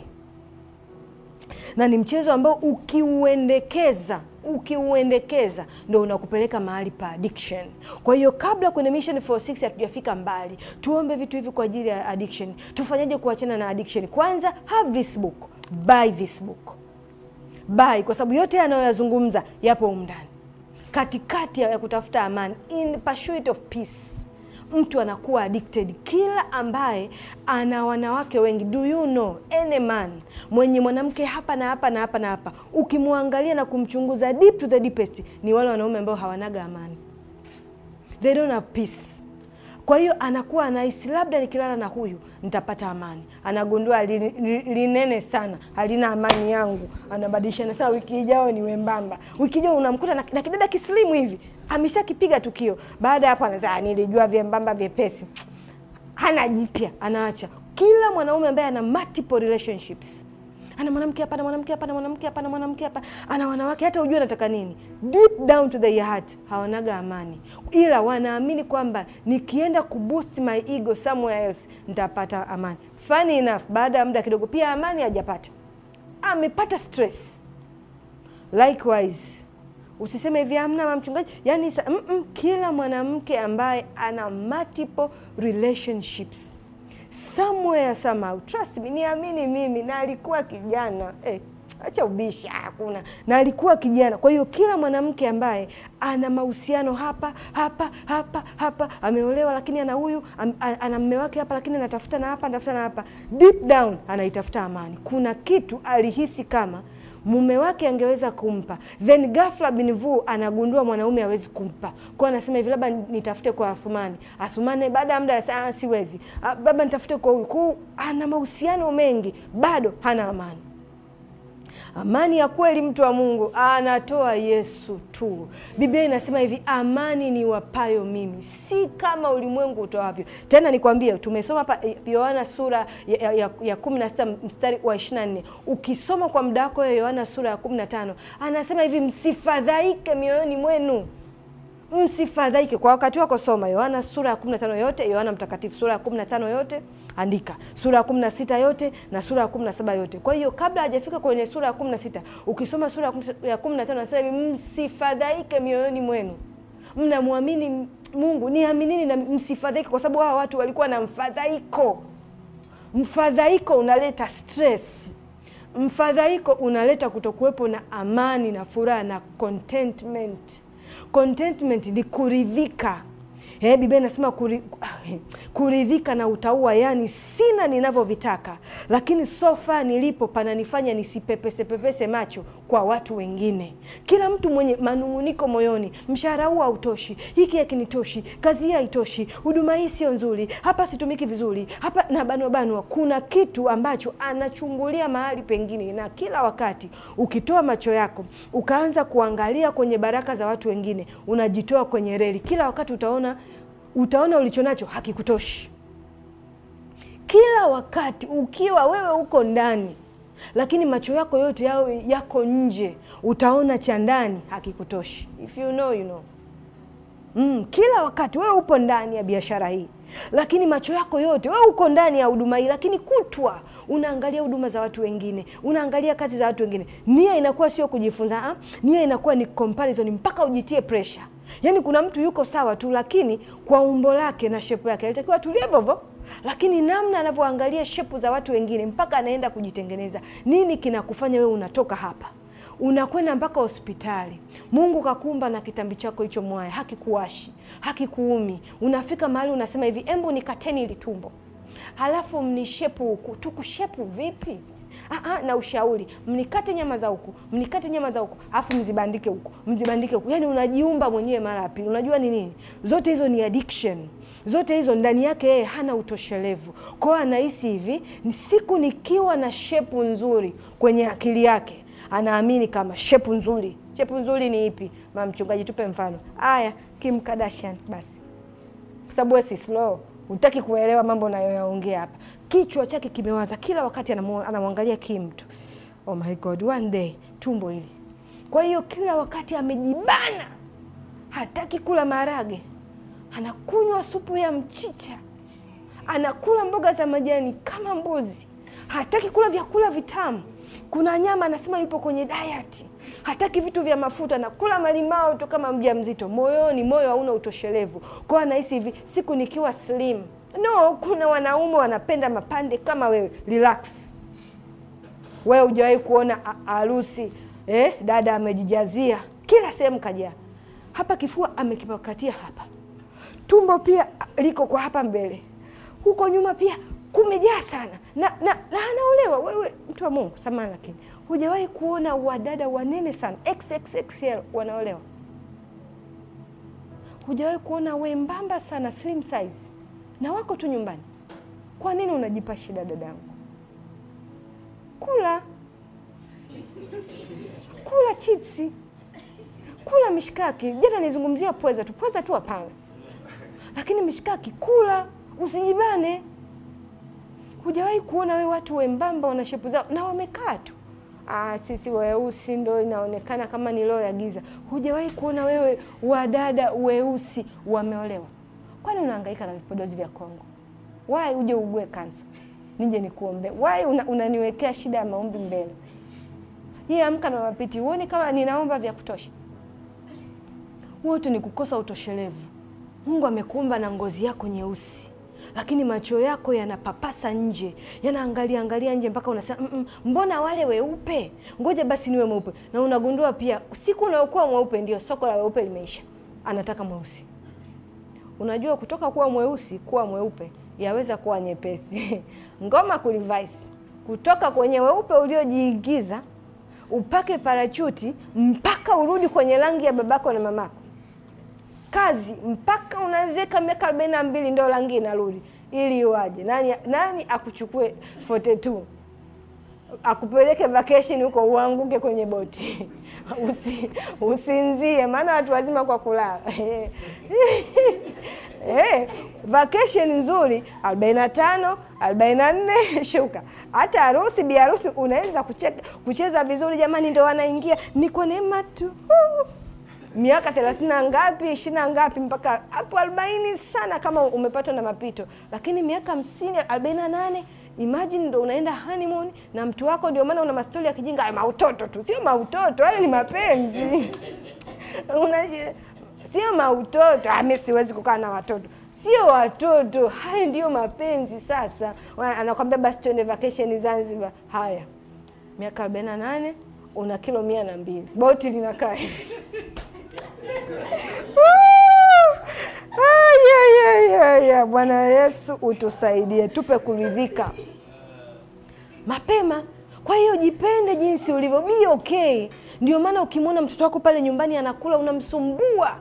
Na ni mchezo ambao ukiuendekeza ukiuendekeza ndo unakupeleka mahali pa addiction. Kwa hiyo kabla kwenye Mission 46 hatujafika mbali, tuombe vitu hivi kwa ajili ya addiction. Tufanyaje kuachana na addiction? Kwanza, have this book, buy this book, buy, kwa sababu yote anayoyazungumza yapo umndani katikati ya kutafuta amani, in pursuit of peace, mtu anakuwa addicted. Kila ambaye ana wanawake wengi, do you know any man mwenye mwanamke hapa na hapa na hapa na hapa, ukimwangalia na kumchunguza deep to the deepest, ni wale wanaume ambao hawanaga amani, they don't have peace kwa hiyo anakuwa anahisi labda nikilala na huyu nitapata amani, anagundua linene sana, halina amani yangu, anabadilishana sana. Wiki ijayo ni wembamba, wiki ijayo unamkuta na, na kidada kislimu hivi, ameshakipiga tukio. Baada ya hapo anaza ah, nilijua vyembamba vyepesi, hana jipya, anaacha. Kila mwanaume ambaye ana multiple relationships ana mwanamke hapa, ana mwanamke hapa, ana mwanamke hapa, ana mwanamke hapa, ana wanawake, hata hujui anataka nini. Deep down to the heart hawanaga amani, ila wanaamini kwamba nikienda kubusti my ego somewhere else nitapata amani. Funny enough, baada ya muda kidogo pia amani hajapata, amepata stress. Likewise Usiseme hivi amna mama mchungaji, yaani mm -mm, kila mwanamke ambaye ana multiple relationships somewhere somehow. Trust me, niamini mimi, na alikuwa kijana eh, acha ubisha, ah, hakuna na alikuwa kijana. Kwa hiyo kila mwanamke ambaye ana mahusiano hapa hapa hapa hapa, ameolewa lakini ana huyu ana mme wake hapa, lakini anatafuta na hapa anatafuta na hapa, deep down anaitafuta amani. Kuna kitu alihisi kama mume wake angeweza kumpa, then ghafla Binvu anagundua mwanaume hawezi kumpa, kwa anasema hivi, labda nitafute kwa Athumani. Athumani baada ya muda anasema ah, siwezi, baba ah, nitafute kwa huyu. Ana mahusiano mengi, bado hana amani. Amani ya kweli, mtu wa Mungu, anatoa Yesu tu. Biblia inasema hivi, amani ni wapayo mimi, si kama ulimwengu utoavyo. Tena nikwambie, tumesoma hapa Yohana sura ya, ya, ya 16 mstari wa 24. Ukisoma kwa muda wako Yohana sura ya 15 anasema hivi, msifadhaike mioyoni mwenu msifadhaike kwa wakati wako. Soma Yohana sura ya 15 yote, Yohana Mtakatifu sura ya 15 yote, andika sura ya 16 yote na sura ya 17 yote. Kwa hiyo kabla hajafika kwenye sura ya 16, ukisoma sura ya 15 anasema hivi, msifadhaike mioyoni mwenu, mnamwamini Mungu, niaminini na msifadhaike, kwa sababu hawa watu walikuwa na mfadhaiko. Mfadhaiko unaleta stress, mfadhaiko unaleta kutokuwepo na amani na furaha na contentment contentment ni kuridhika Eh, Biblia inasema kuri, kuridhika na utaua, yani sina ninavyovitaka, lakini sofa nilipo pananifanya nisipepese pepese macho kwa watu wengine. Kila mtu mwenye manung'uniko moyoni, mshahara huu hautoshi, hiki hakinitoshi, kazi hii haitoshi, huduma hii sio nzuri, hapa situmiki vizuri, hapa na banwa banwa. Kuna kitu ambacho anachungulia mahali pengine, na kila wakati ukitoa macho yako ukaanza kuangalia kwenye baraka za watu wengine, unajitoa kwenye reli, kila wakati utaona utaona ulicho nacho hakikutoshi. Kila wakati ukiwa wewe uko ndani, lakini macho yako yote yao yako nje, utaona cha ndani hakikutoshi. If you know, you know. Mm, kila wakati wewe upo ndani ya biashara hii, lakini macho yako yote wewe uko ndani ya huduma hii, lakini kutwa unaangalia huduma za watu wengine, unaangalia kazi za watu wengine. Nia inakuwa sio kujifunza ha? Ah, nia inakuwa ni comparison mpaka ujitie pressure. Yaani kuna mtu yuko sawa tu, lakini kwa umbo lake na shepu yake alitakiwa tulie hivyo lakini namna anavyoangalia shepu za watu wengine mpaka anaenda kujitengeneza. Nini kinakufanya wewe unatoka hapa unakwenda mpaka hospitali. Mungu kakumba na kitambi chako hicho mwaya, hakikuwashi hakikuumi. Unafika mahali unasema hivi, embu nikateni ili tumbo, halafu mnishepu huku. Tukushepu vipi? Aa, ah, ah, na ushauri mnikate nyama za huku, mnikate nyama za huku, afu mzibandike huku, mzibandike huku. Yani unajiumba mwenyewe mara ya pili. Unajua ni nini? Zote hizo ni addiction, zote hizo ndani yake yeye hana utoshelevu. Kwa hiyo anahisi hivi, siku nikiwa na shepu nzuri kwenye akili yake, anaamini kama shepu nzuri. Shepu nzuri ni ipi? Mama mchungaji, tupe mfano. Aya, Kim Kardashian basi, kwa sababu wewe si slow, hutaki kuelewa mambo nayoyaongea hapa kichwa chake kimewaza kila wakati, anamwangalia kimtu tu. Oh my God, one day tumbo hili. Kwa hiyo kila wakati amejibana, hataki kula maharage, anakunywa supu ya mchicha, anakula mboga za majani kama mbuzi, hataki kula vyakula vitamu. Kuna nyama, anasema yupo kwenye diet, hataki vitu vya mafuta, anakula malimao tu kama mja mzito. Moyoni, moyo hauna utoshelevu kwa anahisi hivi, siku nikiwa slim No, kuna wanaume wanapenda mapande kama wewe. Relax, wewe hujawahi kuona harusi eh? Dada amejijazia kila sehemu, kajaa hapa, kifua amekipakatia hapa, tumbo pia liko kwa hapa mbele, huko nyuma pia kumejaa sana na, na, na anaolewa. Wewe mtu wa Mungu, samahani, lakini hujawahi kuona wadada wanene sana XXXL wanaolewa? Hujawahi kuona wembamba sana slim size na wako tu nyumbani. Kwa nini unajipa shida dadangu? Kula kula chipsi, kula mishikaki. Jana nizungumzia pweza tu, pweza tu hapana, lakini mishikaki kula, usijibane. Hujawahi kuona we watu wembamba wana shepu zao na wamekaa tu Ah, sisi weusi ndo inaonekana kama ni ya giza. Hujawahi kuona wewe wadada weusi wameolewa? Kwani unahangaika na vipodozi vya Kongo? Why uje ugue kansa nije nikuombe? Why una, shida ya maombi mbele? Yeye amka na mapiti, huoni kama ninaomba vya kutosha. Wote ni kukosa utoshelevu. Mungu amekuumba na ngozi yako nyeusi, lakini macho yako yanapapasa nje, yanaangalia angalia nje mpaka unasema mm -mm, mbona wale weupe? Ngoja basi niwe mweupe. Na unagundua pia siku unaokuwa mweupe, ndio soko la weupe limeisha, anataka mweusi. Unajua, kutoka kuwa mweusi kuwa mweupe yaweza kuwa nyepesi ngoma kulivaisi kutoka kwenye weupe uliojiingiza upake parachuti mpaka urudi kwenye rangi ya babako na mamako. Kazi mpaka unazeka miaka arobaini na mbili ndio rangi inarudi, ili iwaje? Nani, nani akuchukue 42? akupeleke vacation huko uanguke kwenye boti Usi, usinzie, maana watu wazima kwa kulala eh. eh, vacation nzuri 45, 44 tano nne shuka hata harusi bi harusi unaweza kucheza vizuri jamani, ndo wanaingia ni kwa neema tu miaka 30 na ngapi 20 na ngapi mpaka hapo arobaini sana kama umepatwa na mapito, lakini miaka 50, 48 imagine ndo unaenda honeymoon na mtu wako, ndio maana una mastori ya kijinga ya mautoto tu. Sio mautoto, hayo ni mapenzi una sio mautoto. Ami, ah, siwezi kukaa na watoto sio watoto, hayo ndiyo mapenzi. Sasa anakwambia basi tuende vacation Zanzibar. Haya, miaka 48 una kilo mia na mbili, boti linakaa hivi Ah, Bwana Yesu utusaidie, tupe kuridhika mapema. Kwa hiyo jipende jinsi ulivyo, be okay. Ndio maana ukimwona mtoto wako pale nyumbani anakula, unamsumbua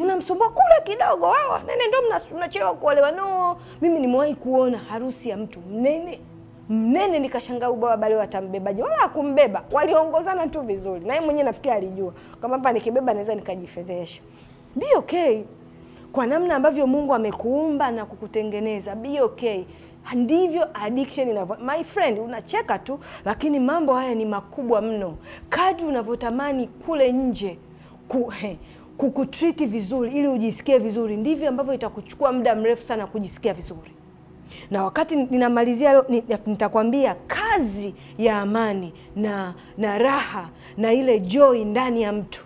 unamsumbua kula kidogo, wawa nene ndo mnachelewa kuolewa. No, mimi nimewahi kuona harusi ya mtu mnene mnene, nikashangaa ubawa bale watambebaje, wala akumbeba, waliongozana tu vizuri, naye mwenyewe nafikiri alijua kama hapa nikibeba naweza nikajifedhesha. Be okay kwa namna ambavyo Mungu amekuumba na kukutengeneza. Be okay. Ndivyo addiction inavyo. My friend, unacheka tu, lakini mambo haya ni makubwa mno. Kadri unavyotamani kule nje ku, kukutriti vizuri ili ujisikie vizuri, ndivyo ambavyo itakuchukua muda mrefu sana kujisikia vizuri. Na wakati ninamalizia leo, nitakwambia kazi ya amani na, na raha na ile joy ndani ya mtu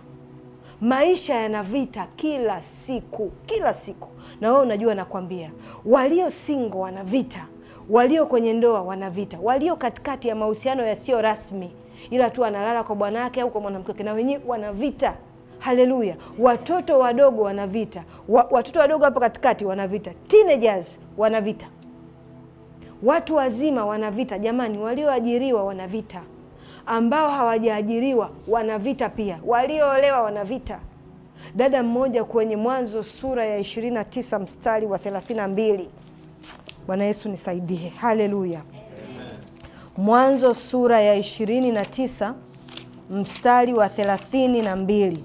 Maisha yana vita kila siku, kila siku, na wewe unajua. Nakwambia walio singo wana vita, walio kwenye ndoa wana vita, walio katikati ya mahusiano yasiyo rasmi, ila tu analala kwa wake au kwa mwanamke wake, na wenyewe wana vita. Haleluya! Watoto wadogo wana vita, wa, watoto wadogo hapo katikati wana vita, teenagers wana vita, watu wazima wana vita, jamani, walioajiriwa wana vita ambao hawajaajiriwa wana vita pia, walioolewa wana vita. Dada mmoja kwenye Mwanzo sura ya 29 mstari wa 32. Bwana Yesu nisaidie, haleluya. Mwanzo sura ya 29 mstari wa 32.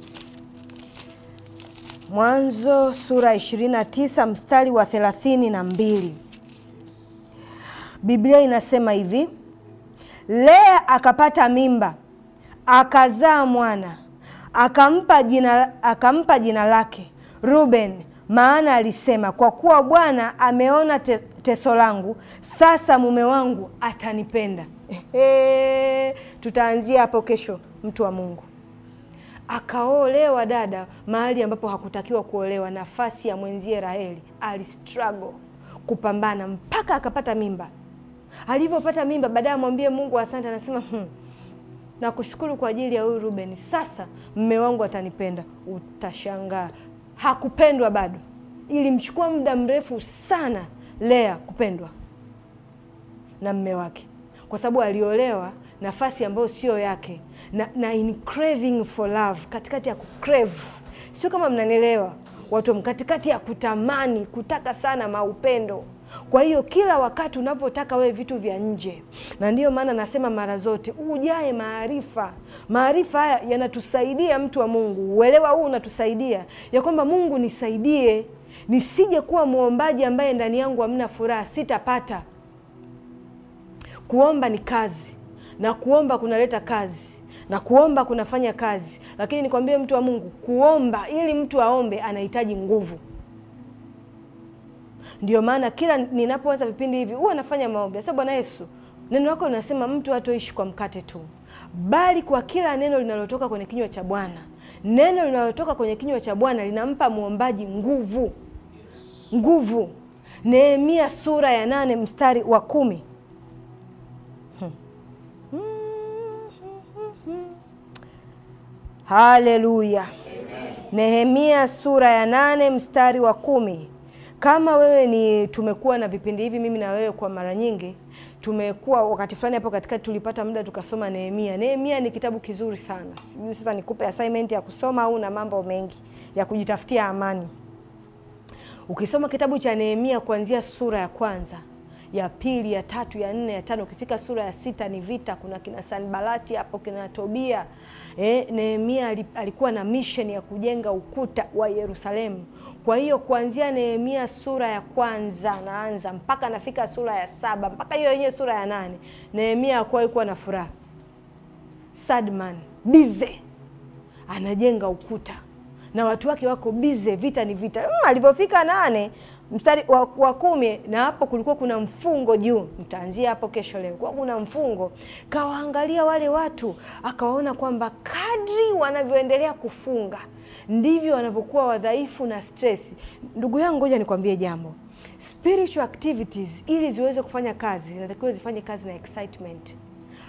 Mwanzo sura 29 mstari wa 32, Biblia inasema hivi: Lea akapata mimba akazaa mwana akampa jina, akampa jina lake Ruben, maana alisema, kwa kuwa Bwana ameona te, teso langu, sasa mume wangu atanipenda. tutaanzia hapo kesho, mtu wa Mungu. Akaolewa dada mahali ambapo hakutakiwa kuolewa, nafasi ya mwenzie Raheli. Alistruggle kupambana mpaka akapata mimba. Alivyopata mimba, baadaye amwambie Mungu asante, anasema hmm, nakushukuru kwa ajili ya huyu Ruben. Sasa mme wangu atanipenda. Utashangaa hakupendwa bado. Ilimchukua muda mrefu sana Lea kupendwa na mme wake, kwa sababu aliolewa nafasi ambayo sio yake, na, na in craving for love, katikati ya kucrave, sio kama mnanielewa watu, katikati ya kutamani, kutaka sana maupendo kwa hiyo kila wakati unavyotaka wewe vitu vya nje, na ndiyo maana nasema mara zote ujae maarifa. Maarifa haya yanatusaidia, mtu wa Mungu, uelewa huu unatusaidia ya kwamba Mungu, nisaidie nisije kuwa mwombaji ambaye ndani yangu hamna furaha, sitapata. Kuomba ni kazi, na kuomba kunaleta kazi na kuomba kunafanya kazi, lakini nikwambie mtu wa Mungu, kuomba ili mtu aombe anahitaji nguvu. Ndio maana kila ninapoanza vipindi hivi huwa nafanya maombi, asa Bwana Yesu neno lako linasema mtu hatoishi kwa mkate tu, bali kwa kila neno linalotoka kwenye kinywa cha Bwana. Neno linalotoka kwenye kinywa cha Bwana linampa mwombaji nguvu, nguvu. Nehemia sura ya nane mstari wa kumi. Hmm. Haleluya! Nehemia sura ya nane mstari wa kumi kama wewe ni tumekuwa na vipindi hivi mimi na wewe kwa mara nyingi, tumekuwa wakati fulani hapo katikati tulipata muda tukasoma Nehemia. Nehemia ni kitabu kizuri sana, sijui sasa nikupe assignment ya kusoma au na mambo mengi ya kujitafutia amani. Ukisoma kitabu cha Nehemia kuanzia sura ya kwanza ya pili, ya tatu, ya nne, ya tano. Ukifika sura ya sita ni vita, kuna kina Sanbalati hapo, kina Tobia. Eh, Nehemia alikuwa na mission ya kujenga ukuta wa Yerusalemu. Kwa hiyo kuanzia Nehemia sura ya kwanza naanza mpaka anafika sura ya saba mpaka hiyo yenyewe sura ya nane, Nehemia hakuwahi kuwa na furaha. Sadman bize anajenga ukuta na watu wake wako bize, vita ni vita. Mm, alivyofika nane mstari wa kumi na hapo kulikuwa kuna mfungo juu, mtaanzia hapo kesho. Leo kwa kuna mfungo, kawaangalia wale watu akawaona kwamba kadri wanavyoendelea kufunga ndivyo wanavyokuwa wadhaifu na stress. Ndugu yangu, ngoja nikwambie jambo, spiritual activities ili ziweze kufanya kazi zinatakiwa zifanye kazi na excitement,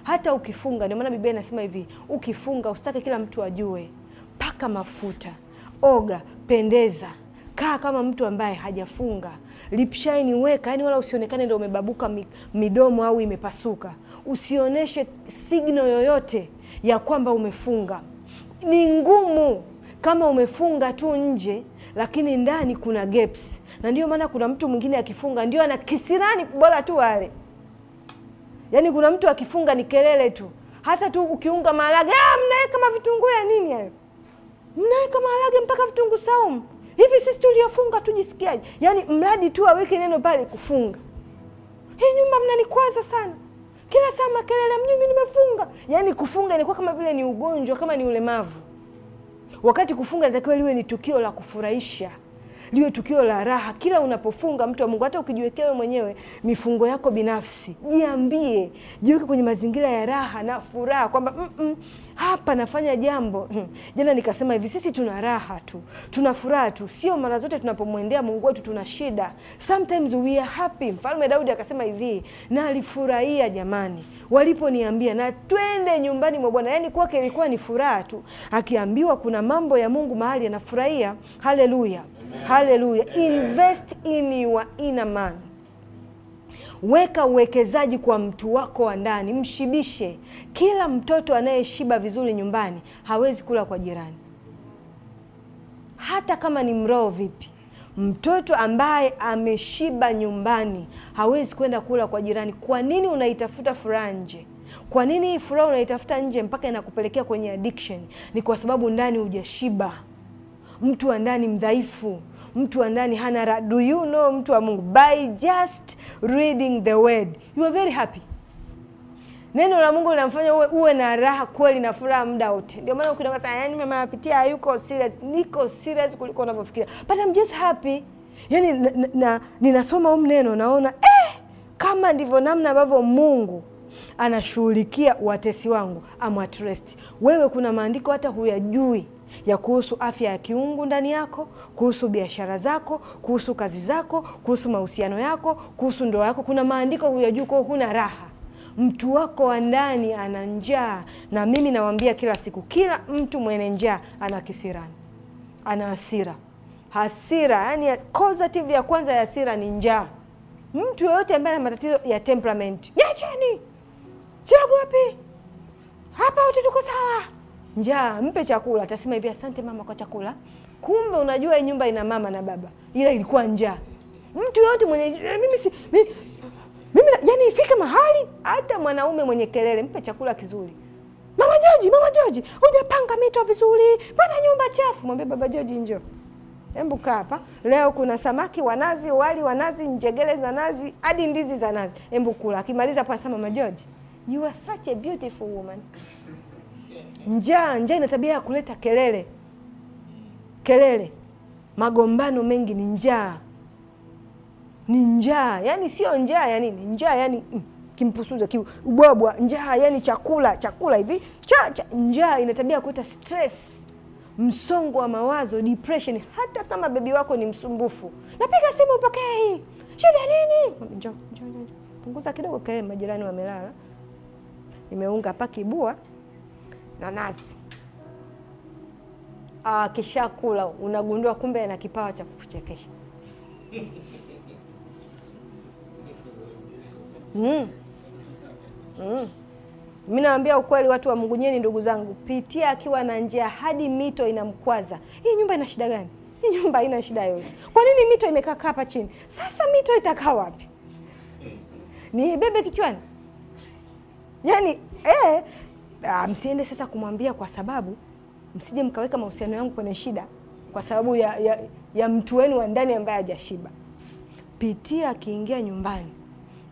hata ukifunga. Ndio maana Biblia inasema hivi, ukifunga usitake kila mtu ajue, paka mafuta, oga, pendeza kaa kama mtu ambaye hajafunga, lipshaini weka, yani wala usionekane ndo umebabuka midomo au imepasuka. Usionyeshe signo yoyote ya kwamba umefunga. Ni ngumu kama umefunga tu nje, lakini ndani kuna gaps, na ndio maana kuna mtu mwingine akifunga ndio ana kisirani, bora tu wale. Yani kuna mtu akifunga ni kelele tu, hata tu ukiunga maharage ah, mnaweka kama vitunguu ya nini hayo, mnaweka maharage mpaka vitunguu saumu Hivi sisi tuliofunga tujisikiaje? Yaani mradi tu aweke neno pale kufunga. Hii nyumba mnanikwaza sana, kila saa makelele, mjui mimi nimefunga. Yaani kufunga inakuwa kama vile ni ugonjwa, kama ni ulemavu, wakati kufunga inatakiwa liwe ni tukio la kufurahisha liwe tukio la raha kila unapofunga, mtu wa Mungu. Hata ukijiwekea mwenyewe mifungo yako binafsi, jiambie, jiweke kwenye mazingira ya raha na furaha kwamba mm -mm, hapa nafanya jambo mm. Jana nikasema hivi, sisi tuna raha tu, tuna furaha tu, sio mara zote tunapomwendea Mungu wetu tuna shida. Sometimes we are happy. Mfalme Daudi akasema hivi, na alifurahia jamani waliponiambia na twende nyumbani mwa Bwana. Yani kwake ilikuwa ni furaha tu, akiambiwa kuna mambo ya Mungu mahali anafurahia. Haleluya! Haleluya. Invest in your inner man. Weka uwekezaji kwa mtu wako wa ndani, mshibishe. Kila mtoto anayeshiba vizuri nyumbani hawezi kula kwa jirani, hata kama ni mroho vipi. Mtoto ambaye ameshiba nyumbani hawezi kwenda kula kwa jirani. Kwa nini unaitafuta furaha nje? Kwa nini hii furaha unaitafuta nje mpaka inakupelekea kwenye addiction? Ni kwa sababu ndani hujashiba mtu wa ndani mdhaifu, mtu wa ndani hana ra Do you know, mtu wa Mungu, by just reading the word you are very happy. Neno la Mungu linamfanya uwe, uwe na raha kweli na furaha muda wote. Ndio maana ukidanga yani mama anapitia hayuko serious. Niko serious kuliko unavyofikiria. But I'm just happy. yani na, na, ninasoma huu neno naona eh, kama ndivyo namna ambavyo Mungu anashughulikia watesi wangu. amwatrest Wewe kuna maandiko hata huyajui ya kuhusu afya ya kiungu ndani yako, kuhusu biashara zako, kuhusu kazi zako, kuhusu mahusiano yako, kuhusu ndoa yako. Kuna maandiko huyajui, kwa huna raha. Mtu wako wa ndani ana njaa, na mimi nawaambia kila siku, kila mtu mwenye njaa ana kisirani, ana hasira. Hasira yani causative ya kwanza ya hasira ni njaa. Mtu yoyote ambaye ana matatizo ya temperament, niacheni, siogopi, hapa wote sawa njaa, mpe chakula. Atasema hivi, asante mama kwa chakula. Kumbe unajua hii nyumba ina mama na baba, ila ilikuwa njaa. Mtu yote mwenye eh, mimi si mimi, mimi yani, ifike mahali hata mwanaume mwenye kelele, mpe chakula kizuri. Mama George, mama George, hujapanga mito vizuri, mbona nyumba chafu? Mwambie baba George, njoo Hebu kaa hapa leo, kuna samaki wa nazi, wali wa nazi, njegele za nazi, hadi ndizi za nazi. Hebu kula. Akimaliza pasa, mama George, you are such a beautiful woman. Njaa, njaa ina tabia ya kuleta kelele, kelele. Magombano mengi ni njaa, ni njaa. Yani sio njaa ya nini, njaa yani kimpusuza mm, kimpusuza kiubwabwa, njaa yani chakula, chakula hivi cha, cha. Njaa ina tabia ya kuleta stress, msongo wa mawazo, depression. Hata kama bebi wako ni msumbufu, napiga simu upokei, shida nini? Njoo njoo njoo, punguza kidogo kelele, majirani wamelala, nimeunga pakibua Ah, kisha kula unagundua kumbe ana kipawa cha kukuchekesha mm. Mm. Mi naambia ukweli, watu wa Mungu ndugu zangu, pitia akiwa na njia hadi mito inamkwaza. Hii nyumba ina shida gani? Hii nyumba haina shida yoyote. Kwa nini mito imekaa hapa chini? Sasa mito itakaa wapi? Ni bebe kichwani? Yaani eh, uh, msiende sasa kumwambia kwa sababu msije mkaweka mahusiano yangu kwenye shida kwa sababu ya, ya, ya mtu wenu wa ndani ambaye hajashiba. Pitia akiingia nyumbani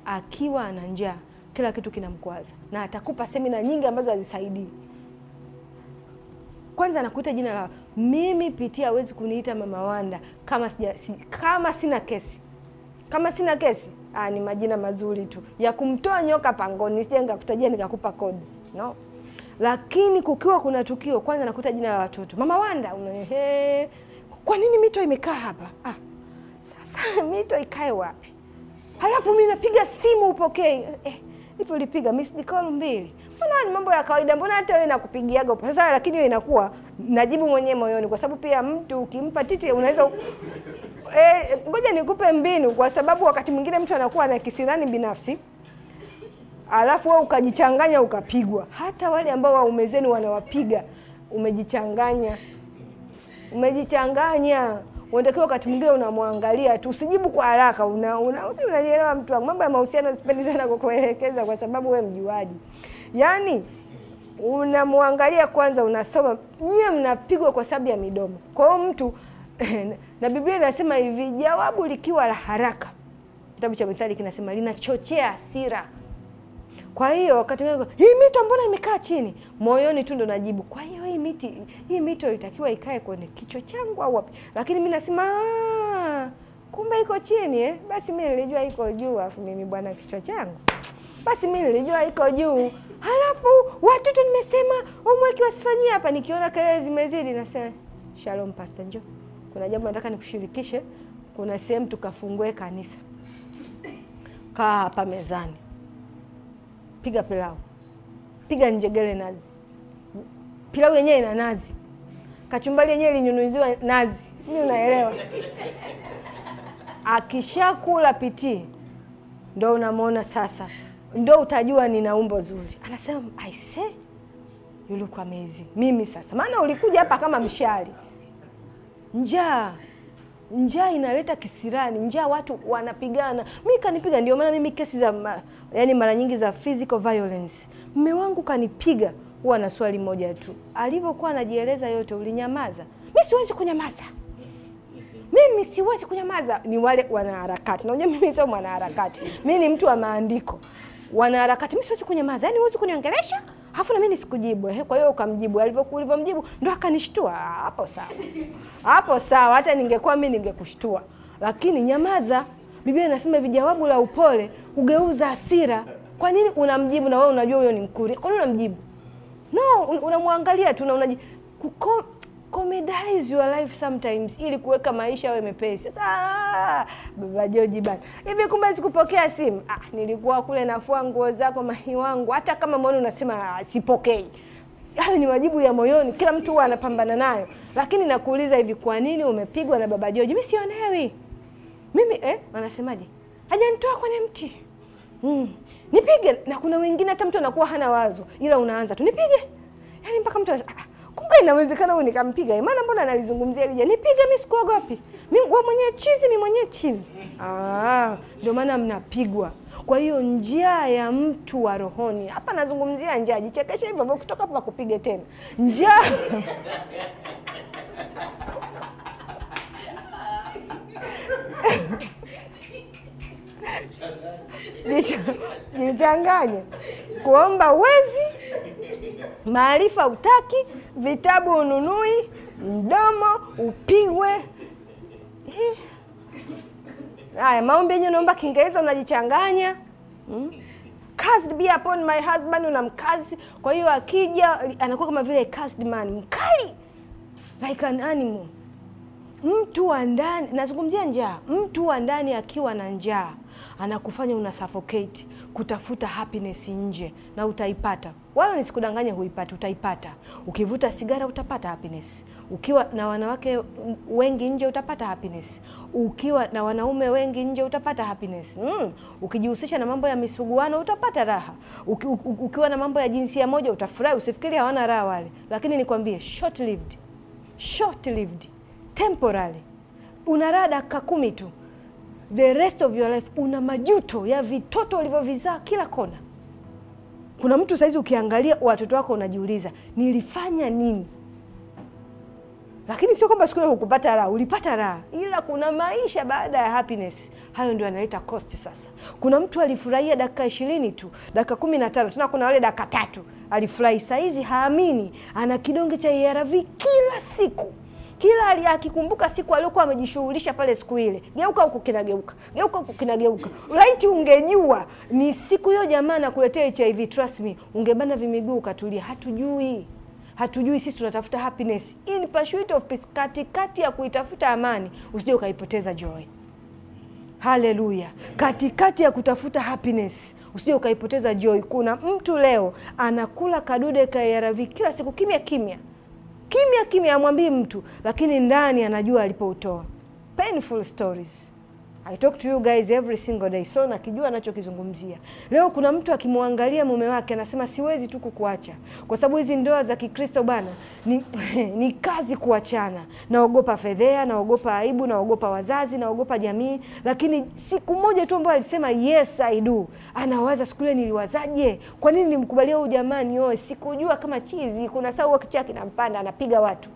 akiwa ana njaa, kila kitu kinamkwaza na atakupa semina nyingi ambazo hazisaidii. Kwanza anakuita jina la mimi. Pitia hawezi kuniita mama Wanda kama sija, si, kama sina kesi kama sina kesi. Aa, ah, ni majina mazuri tu ya kumtoa nyoka pangoni. Sija nikakutajia nikakupa codes no lakini kukiwa kuna tukio, kwanza nakuta jina la watoto mama Wanda, unaehe, kwa nini mito imekaa hapa? Ah, sasa mito ikae wapi? Halafu mi napiga simu upokee, eh, ulipiga missed call mbili. Mbona ni mambo ya kawaida, mbona hata wewe nakupigiaga upo sasa, lakini hiyo inakuwa najibu mwenyewe moyoni, kwa sababu pia mtu ukimpa titi unaweza eh, ngoja nikupe mbinu, kwa sababu wakati mwingine mtu anakuwa na kisirani binafsi alafu wewe ukajichanganya ukapigwa. Hata wale ambao waume zenu wanawapiga, umejichanganya, umejichanganya. Unatakiwa wakati mwingine unamwangalia tu, usijibu kwa haraka. Una, una, usi unanielewa mtu wangu, mambo ya mahusiano sipendi sana kukuelekeza kwa sababu we mjuaji, yaani unamwangalia kwanza, unasoma. Nyie mnapigwa kwa sababu ya midomo. Kwa hiyo mtu na Biblia inasema hivi, jawabu likiwa la haraka, kitabu cha Mithali kinasema linachochea hasira. Kwa hiyo wakati hii mito mbona imekaa chini, moyoni tu ndo najibu, kwa hiyo hii miti hii mito itakiwa ikae kwenye kichwa changu au wapi? Lakini mi nasema ah, kumbe iko chini eh? Basi mi nilijua iko juu, afu mimi bwana kichwa changu basi mi nilijua iko juu. Halafu watoto nimesema homework wasifanyie hapa, nikiona kelele zimezidi nasema shalom, pasta, njoo, kuna jambo nataka nikushirikishe. Kuna sehemu tukafungue kanisa, kaa hapa mezani piga pilau, piga njegele nazi, pilau yenyewe ina nazi, kachumbari yenyewe ilinyunyuziwa nazi, si unaelewa? Akishakula pitii, ndo unamwona sasa, ndo utajua nina umbo zuri. Anasema I say you look amazing. Mimi sasa, maana ulikuja hapa kama mshari, njaa njaa inaleta kisirani, njaa watu wanapigana. Mi kanipiga, ndio maana mimi kesi za ma, yani mara nyingi za physical violence. Mme wangu kanipiga, huwa na swali moja tu, alivyokuwa anajieleza yote, ulinyamaza? Mi siwezi kunyamaza mimi siwezi kunyamaza. Ni wale wanaharakati, unajua mimi sio mwanaharakati, mi ni mtu wa maandiko. Wanaharakati, mi siwezi kunyamaza, yani huwezi kuniongelesha Alafu na mimi nisikujibu eh. Kwa hiyo ukamjibu ulivyomjibu ndo akanishtua. Ah, hapo sawa, hapo sawa, hata ningekuwa mimi ningekushtua, lakini nyamaza. Biblia inasema hivi, jawabu la upole hugeuza hasira. Kwa nini unamjibu na wewe unajua huyo ni mkuri? Kwa nini unamjibu? No, unamwangalia tu na unaji comedize your life sometimes ili kuweka maisha yawe mepesi. Sasa ah, baba George bana, hivi kumbe sikupokea simu? Ah, nilikuwa kule nafua nguo zako mahi wangu, hata kama mbona unasema ah, sipokei. Hayo yaani ni majibu ya moyoni, kila mtu huwa anapambana nayo, lakini nakuuliza hivi, kwa nini umepigwa na baba George? Mimi sionewi mimi eh, wanasemaje? Hajanitoa kwenye mti mm. Nipige na kuna wengine hata mtu anakuwa hana wazo, ila unaanza tu nipige, yaani mpaka mtu ah, kumbe inawezekana huyu nikampiga. Maana mbona analizungumzia lija, nipige mimi, sikuogopi mimi, wewe mwenye chizi, mimi mwenye chizi. Ah, ndio maana mnapigwa. Kwa hiyo njia ya mtu wa rohoni hapa nazungumzia njia, jichekeshe hivyo hivyo, kutoka hapa kupige tena njia jichanganye kuomba uwezi, maarifa utaki, vitabu ununui, mdomo upigwe. Haya, maombi yenyewe naomba Kiingereza unajichanganya hmm? Cursed be upon my husband, unamkazi. Kwa hiyo akija anakuwa kama vile cursed man, mkali like an animal mtu wa ndani, nazungumzia njaa, mtu wa ndani akiwa na njaa anakufanya una suffocate kutafuta happiness nje, na utaipata, wala nisikudanganye, huipati, utaipata. Ukivuta sigara utapata happiness, ukiwa na wanawake wengi nje utapata happiness, ukiwa na wanaume wengi nje utapata happiness. Mm, ukijihusisha na mambo ya misuguano utapata raha, uki, u, u, ukiwa na mambo ya jinsia moja utafurahi. Usifikiri hawana raha wale, lakini nikwambie short lived, short lived temporary, una raha dakika kumi tu, the rest of your life una majuto ya vitoto ulivyovizaa kila kona. Kuna mtu saizi ukiangalia watoto wako unajiuliza nilifanya nini? Lakini sio kwamba siku hiyo hukupata raha, ulipata raha, ila kuna maisha baada ya happiness. Hayo ndio yanaleta cost. Sasa kuna mtu alifurahia dakika ishirini tu, dakika kumi na tano tena, kuna wale dakika tatu alifurahi. Saizi haamini, ana kidonge cha ARV kila siku kila akikumbuka siku aliyokuwa amejishughulisha pale siku ile, geuka huku kinageuka, geuka huku kinageuka. Laiti ungejua ni siku hiyo jamaa nakuletea HIV, trust me, ungebana vimiguu ukatulia. Hatujui, hatujui sisi tunatafuta happiness in pursuit of peace. Katikati ya kuitafuta amani usije ukaipoteza joy. Haleluya! Katikati ya kutafuta happiness usije ukaipoteza joy. Kuna mtu leo anakula kadude ka ARV kila siku kimya kimya kimya kimya, amwambii mtu, lakini ndani anajua alipoutoa. Painful stories. I talk to you guys every single day, so nakijua anachokizungumzia. Leo kuna mtu akimwangalia mume wake anasema siwezi tu kukuacha, kwa sababu hizi ndoa za Kikristo bana ni, ni kazi kuachana. Naogopa fedhea, naogopa aibu, naogopa wazazi, naogopa jamii. Lakini siku moja tu ambayo alisema yes I do, anawaza siku ile niliwazaje? Kwa nini nimkubalia huyu jamani? Sikujua kama chizi, kuna saa kichwa kinampanda, anapiga watu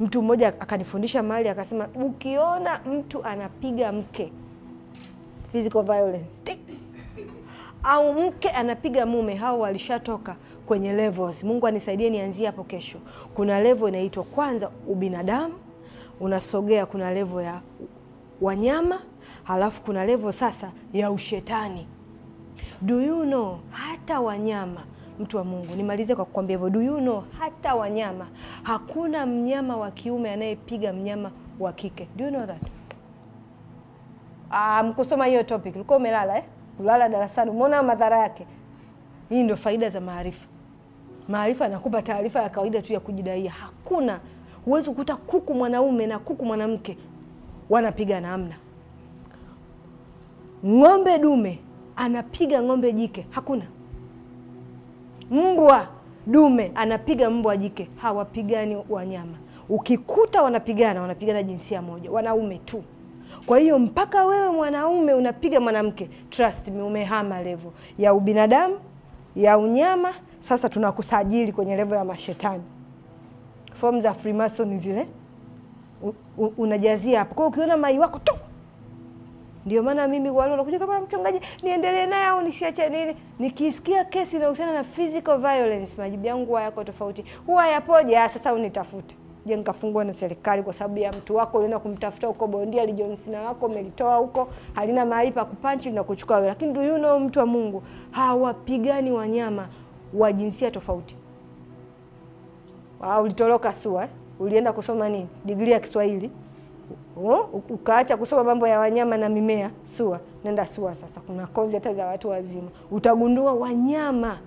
Mtu mmoja akanifundisha mali, akasema ukiona mtu anapiga mke physical violence au mke anapiga mume, hao walishatoka kwenye levels. Mungu anisaidie nianzie hapo kesho. Kuna level inaitwa kwanza ubinadamu, unasogea. Kuna level ya wanyama, halafu kuna level sasa ya ushetani. Do you know, hata wanyama mtu wa Mungu, nimalize kwa kukwambia hivyo. Do you know, hata wanyama, hakuna mnyama wa kiume anayepiga mnyama wa kike. Do you know that? Ah, mkusoma hiyo topic ulikuwa umelala eh? Ulala darasani, umeona madhara yake. Hii ndio faida za maarifa. Maarifa yanakupa taarifa ya kawaida tu ya kujidaia. Hakuna, huwezi kukuta kuku mwanaume na kuku mwanamke wanapiga namna Ng'ombe dume anapiga ng'ombe jike, hakuna. Mbwa dume anapiga mbwa jike, hawapigani wanyama. Ukikuta wanapigana, wanapigana jinsia moja, wanaume tu. Kwa hiyo mpaka wewe mwanaume unapiga mwanamke, trust me, umehama levo ya ubinadamu ya unyama. Sasa tunakusajili kwenye levo ya mashetani, fomu za Freemason zile unajazia hapo. Kwa ukiona mai wako tu ndio maana mimi wale wanakuja kama mchungaji, niendelee naye au nisiache nini? Nikisikia kesi inahusiana na physical violence, majibu yangu huwa yako tofauti. Huwa yapoje? Ah, sasa unitafute. Je, nikafungwa na serikali kwa sababu ya mtu wako unaenda kumtafuta huko bondia lijonsina lako umelitoa huko, halina mahali pa kupanchi na kuchukua wewe. Lakini do you know, mtu wa Mungu hawapigani wanyama wa jinsia tofauti. Wow, ah, ulitoroka SUA eh? Ulienda kusoma nini? Degree ya Kiswahili oh, ukaacha kusoma mambo ya wanyama na mimea, sua, nenda sua. Sasa kuna kozi hata za watu wazima, utagundua wanyama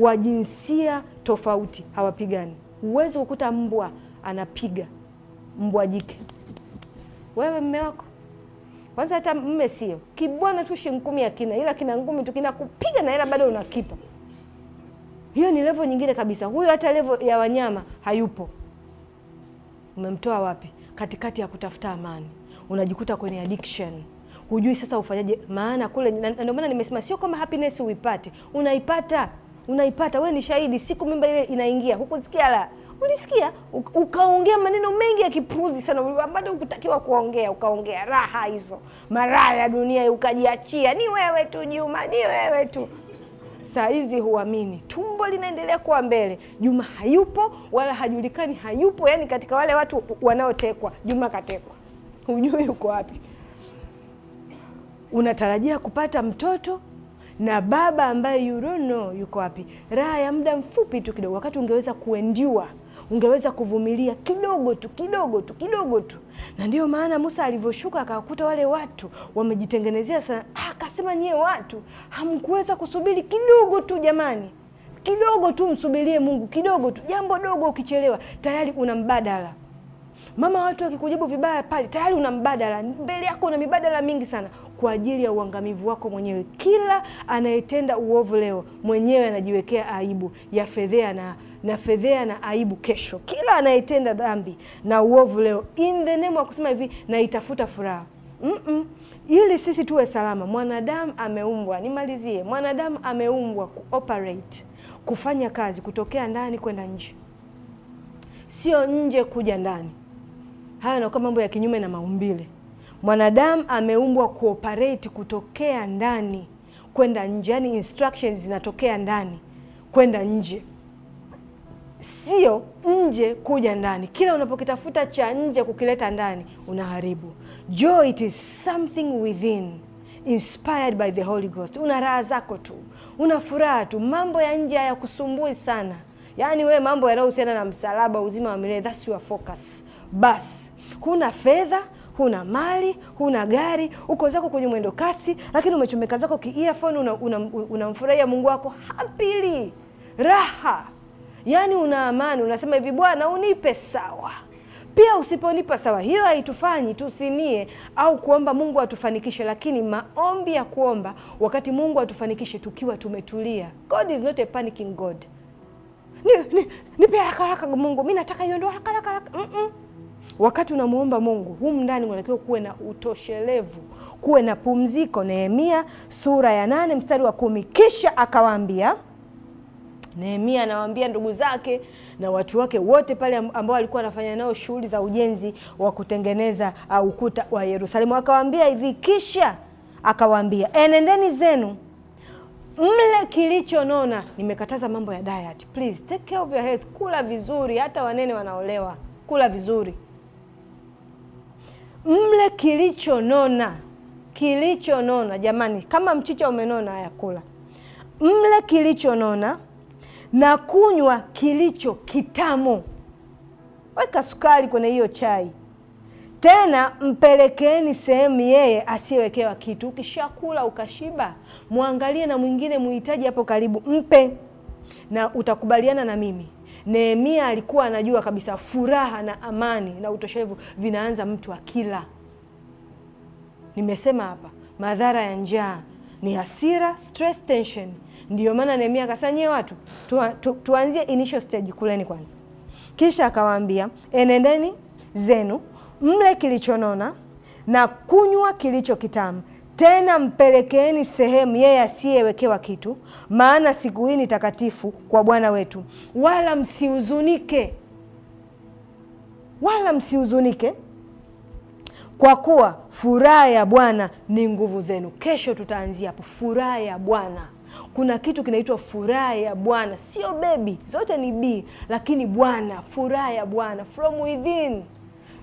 wa jinsia tofauti hawapigani. uwezi kukuta mbwa anapiga mbwa jike, wewe mme wako kwanza, hata mme sio kibwana tu, shilingi akina, ila kina ngumi tu kupiga na hela bado unakipa. Hiyo ni levo nyingine kabisa. Huyo hata levo ya wanyama hayupo. Umemtoa wapi? katikati ya kutafuta amani unajikuta kwenye addiction hujui sasa ufanyaje maana kule ndio maana nimesema sio kama happiness uipate unaipata unaipata Wewe ni shahidi siku mimba ile inaingia hukusikia la ulisikia ukaongea maneno mengi ya kipuzi sana ambayo ukutakiwa kuongea ukaongea raha hizo maraha ya dunia ukajiachia ni wewe tu juma ni wewe tu saa hizi huamini, tumbo linaendelea kuwa mbele. Juma hayupo wala hajulikani, hayupo yani katika wale watu wanaotekwa. Juma katekwa, hujui yuko wapi. Unatarajia kupata mtoto na baba ambaye you don't know yuko wapi. Raha ya muda mfupi tu kidogo, wakati ungeweza kuendiwa ungeweza kuvumilia kidogo tu kidogo tu kidogo tu. Na ndio maana Musa alivyoshuka akawakuta wale watu wamejitengenezea sana, ah, akasema nyie watu hamkuweza kusubiri kidogo tu jamani, kidogo tu msubirie Mungu kidogo tu. Jambo dogo ukichelewa tayari una mbadala Mama, watu wakikujibu vibaya pale, tayari una mbadala mbele yako, una mibadala mingi sana kwa ajili ya uangamivu wako mwenyewe. Kila anayetenda uovu leo mwenyewe anajiwekea aibu ya fedhea na na fedhea na aibu kesho. Kila anayetenda dhambi na uovu leo, in the name wa kusema hivi naitafuta furaha Mm -mm. Ili sisi tuwe salama, mwanadamu ameumbwa, nimalizie, mwanadamu ameumbwa kuoperate, kufanya kazi kutokea ndani kwenda nje, sio nje kuja ndani. Haya yanakuwa mambo ya kinyume na maumbile. Mwanadamu ameumbwa kuoperate kutokea ndani kwenda nje, yani instructions zinatokea ndani kwenda nje sio nje kuja ndani. Kila unapokitafuta cha nje kukileta ndani unaharibu. Joy, it is something within inspired by the Holy Ghost. Una raha zako tu, una furaha tu, mambo ya nje hayakusumbui sana. Yaani wewe mambo yanayohusiana na msalaba, uzima wa milele, that's your focus. bas huna fedha, huna mali, huna gari, uko zako kwenye mwendo kasi, lakini umechomeka zako ki unamfurahia una, una Mungu wako hapili raha yaani una amani, unasema hivi, Bwana unipe sawa. Pia usiponipa sawa, hiyo haitufanyi tusinie au kuomba Mungu atufanikishe, lakini maombi ya kuomba wakati Mungu atufanikishe tukiwa tumetulia. God is not a panicking God. Ni, ni, ni haraka haraka Mungu, mi nataka hiyo, ndo haraka haraka. mm -mm. Wakati unamwomba Mungu humu ndani unatakiwa kuwe na utoshelevu, kuwe na pumziko. Nehemia sura ya nane mstari wa kumi kisha akawaambia Nehemia anawaambia ndugu zake na watu wake wote pale ambao alikuwa anafanya nao shughuli za ujenzi wa kutengeneza uh, ukuta wa Yerusalemu, akawaambia hivi, kisha akawaambia enendeni eh, zenu mle kilichonona. Nimekataza mambo ya diet, please take care of your health. Kula vizuri, hata wanene wanaolewa, kula vizuri, mle kilichonona. Kilichonona jamani, kama mchicha umenona, haya kula, mle kilichonona na kunywa kilicho kitamu. Weka sukari kwenye hiyo chai, tena mpelekeeni sehemu yeye asiyewekewa kitu. Ukishakula ukashiba, mwangalie na mwingine muhitaji hapo karibu, mpe. Na utakubaliana na mimi, Nehemia alikuwa anajua kabisa furaha na amani na utoshelevu vinaanza mtu akila. Nimesema hapa madhara ya njaa ni hasira, stress, tension. Ndio maana Nehemia akasema nyie watu tu, tu, tuanzie initial stage, kuleni kwanza, kisha akawaambia enendeni zenu mle kilichonona na kunywa kilicho kitamu, tena mpelekeeni sehemu yeye asiyewekewa kitu, maana siku hii ni takatifu kwa Bwana wetu, wala msihuzunike, wala msihuzunike kwa kuwa furaha ya Bwana ni nguvu zenu. Kesho tutaanzia hapo, furaha ya Bwana. Kuna kitu kinaitwa furaha ya Bwana, sio bebi, zote ni bi lakini Bwana, furaha ya Bwana from within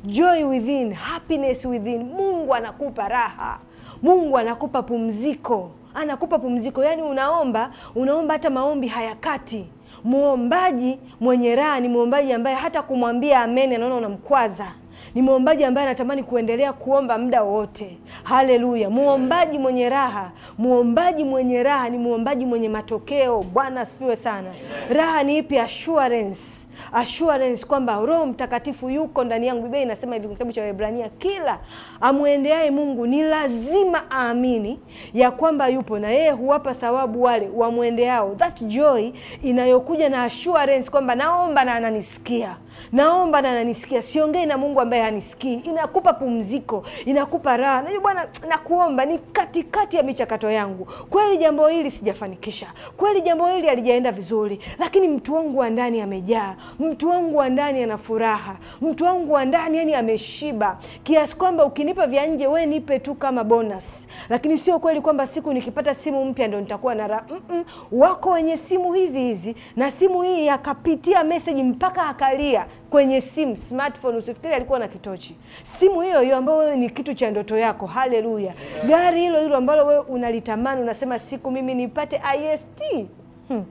joy within, happiness within. Mungu anakupa raha, Mungu anakupa pumziko, anakupa pumziko. Yani unaomba, unaomba hata maombi hayakati. Muombaji mwenye raha ni muombaji ambaye hata kumwambia amen anaona unamkwaza ni mwombaji ambaye anatamani kuendelea kuomba muda wote. Haleluya! Mwombaji mwenye raha, mwombaji mwenye raha ni mwombaji mwenye matokeo. Bwana asifiwe sana. Raha ni ipi? Assurance assurance kwamba Roho Mtakatifu yuko ndani yangu. Biblia inasema hivi kitabu cha Waebrania, kila amwendeae Mungu ni lazima aamini ya kwamba yupo na yeye huwapa thawabu wale wamwendeao. That joy inayokuja na assurance kwamba naomba na ananisikia, naomba na ananisikia, siongei na Mungu ambaye hanisikii. Inakupa pumziko, inakupa raha. Najua Bwana, nakuomba ni katikati ya michakato yangu, kweli jambo hili sijafanikisha, kweli jambo hili halijaenda vizuri, lakini mtu wangu wa ndani amejaa mtu wangu wa ndani ana furaha, mtu wangu wa ndani yani ameshiba, kiasi kwamba ukinipa vya nje we nipe tu kama bonus. Lakini sio kweli kwamba siku nikipata simu mpya ndo nitakuwa na raha. Mm -mm. Wako wenye simu hizi hizi na simu hii akapitia meseji mpaka akalia kwenye simu smartphone. Usifikiri alikuwa na kitochi. Simu hiyo hiyo ambayo wewe ni kitu cha ndoto yako, haleluya! Gari hilo hilo ambalo wewe unalitamani, unasema siku mimi nipate IST. Hmm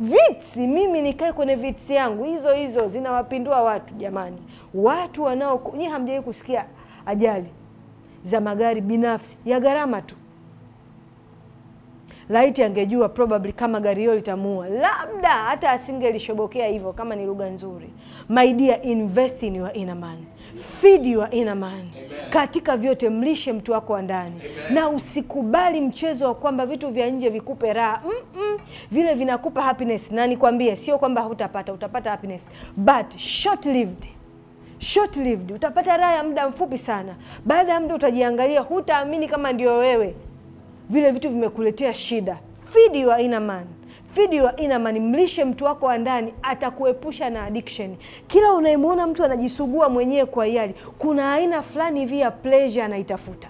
viti, mimi nikae kwenye viti yangu hizo hizo, zinawapindua watu jamani. Watu wanao nyi hamjawahi kusikia ajali za magari binafsi ya gharama tu. Laiti angejua probably kama gari hiyo litamua labda hata asingelishobokea hivyo, kama ni lugha nzuri. My dear, invest in your inner man your inner man Katika vyote mlishe mtu wako wa ndani, na usikubali mchezo wa kwamba vitu vya nje vikupe raha mm -mm. Vile vinakupa happiness, na nikwambie, sio kwamba hutapata, utapata happiness but short lived short lived. Utapata raha ya muda mfupi sana, baada ya muda utajiangalia, hutaamini kama ndio wewe, vile vitu vimekuletea shida feed your inner man feed your inner man, mlishe mtu wako wa ndani, atakuepusha na addiction. Kila unayemwona mtu anajisugua mwenyewe kwa hiari, kuna aina fulani hivi ya pleasure anaitafuta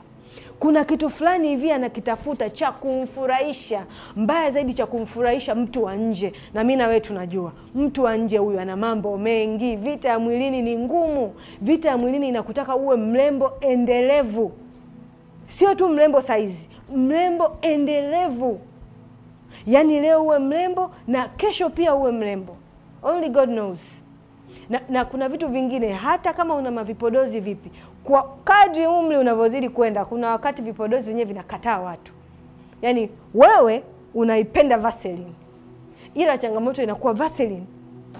kuna kitu fulani hivi anakitafuta cha kumfurahisha, mbaya zaidi cha kumfurahisha mtu wa nje. Na mi na wewe tunajua mtu wa nje huyu ana mambo mengi. Vita ya mwilini ni ngumu, vita ya mwilini inakutaka uwe mrembo endelevu, sio tu mrembo saizi, mrembo endelevu yaani leo uwe mrembo na kesho pia uwe mrembo. Only God knows. Na, na kuna vitu vingine hata kama una mavipodozi vipi, kwa kadri umri unavyozidi kwenda, kuna wakati vipodozi wenyewe vinakataa watu. Yaani wewe unaipenda Vaseline, ila changamoto inakuwa Vaseline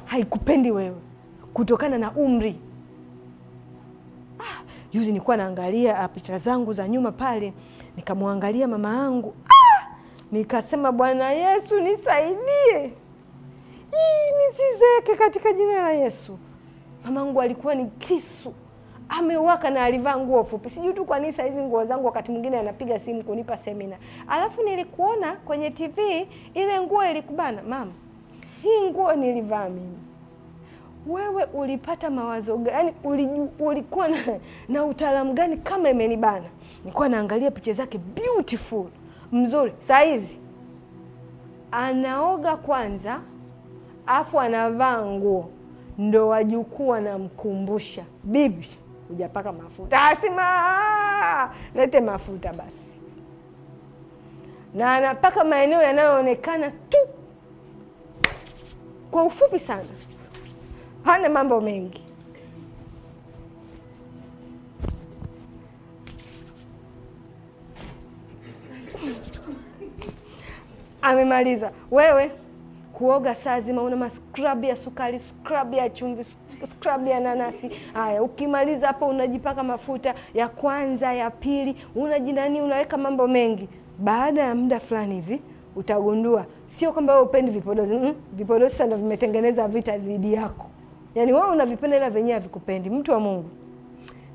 haikupendi wewe kutokana na umri. Ah, yuzi nilikuwa naangalia picha zangu za nyuma pale, nikamwangalia mama yangu Nikasema, Bwana Yesu nisaidie, hii nisizeke katika jina la Yesu. Mamangu alikuwa ni kisu amewaka na alivaa nguo fupi, sijui tu kwa nini hizi nguo zangu wakati mwingine anapiga simu kunipa semina. Alafu nilikuona kwenye TV ile nguo ilikubana. Mama, hii nguo nilivaa mimi, wewe ulipata mawazo gani? Ulikuwa na, na utaalamu gani kama imenibana? Nilikuwa naangalia picha zake beautiful mzuri. saizi hizi anaoga kwanza, afu anavaa nguo, ndo wajukuu wanamkumbusha, bibi, hujapaka mafuta. Asima, lete mafuta basi. Na anapaka maeneo yanayoonekana tu, kwa ufupi sana, hana mambo mengi. amemaliza. Wewe kuoga saa zima una mascrub ya sukari, scrub ya chumvi, scrub ya nanasi. Haya, ukimaliza hapo unajipaka mafuta ya kwanza, ya pili, unajinani, unaweka mambo mengi. Baada ya muda fulani hivi utagundua sio kwamba wewe upendi vipodozi mm, vipodozi sana vimetengeneza vita dhidi yako. Yaani wewe unavipenda ila venyewe havikupendi. Mtu wa Mungu,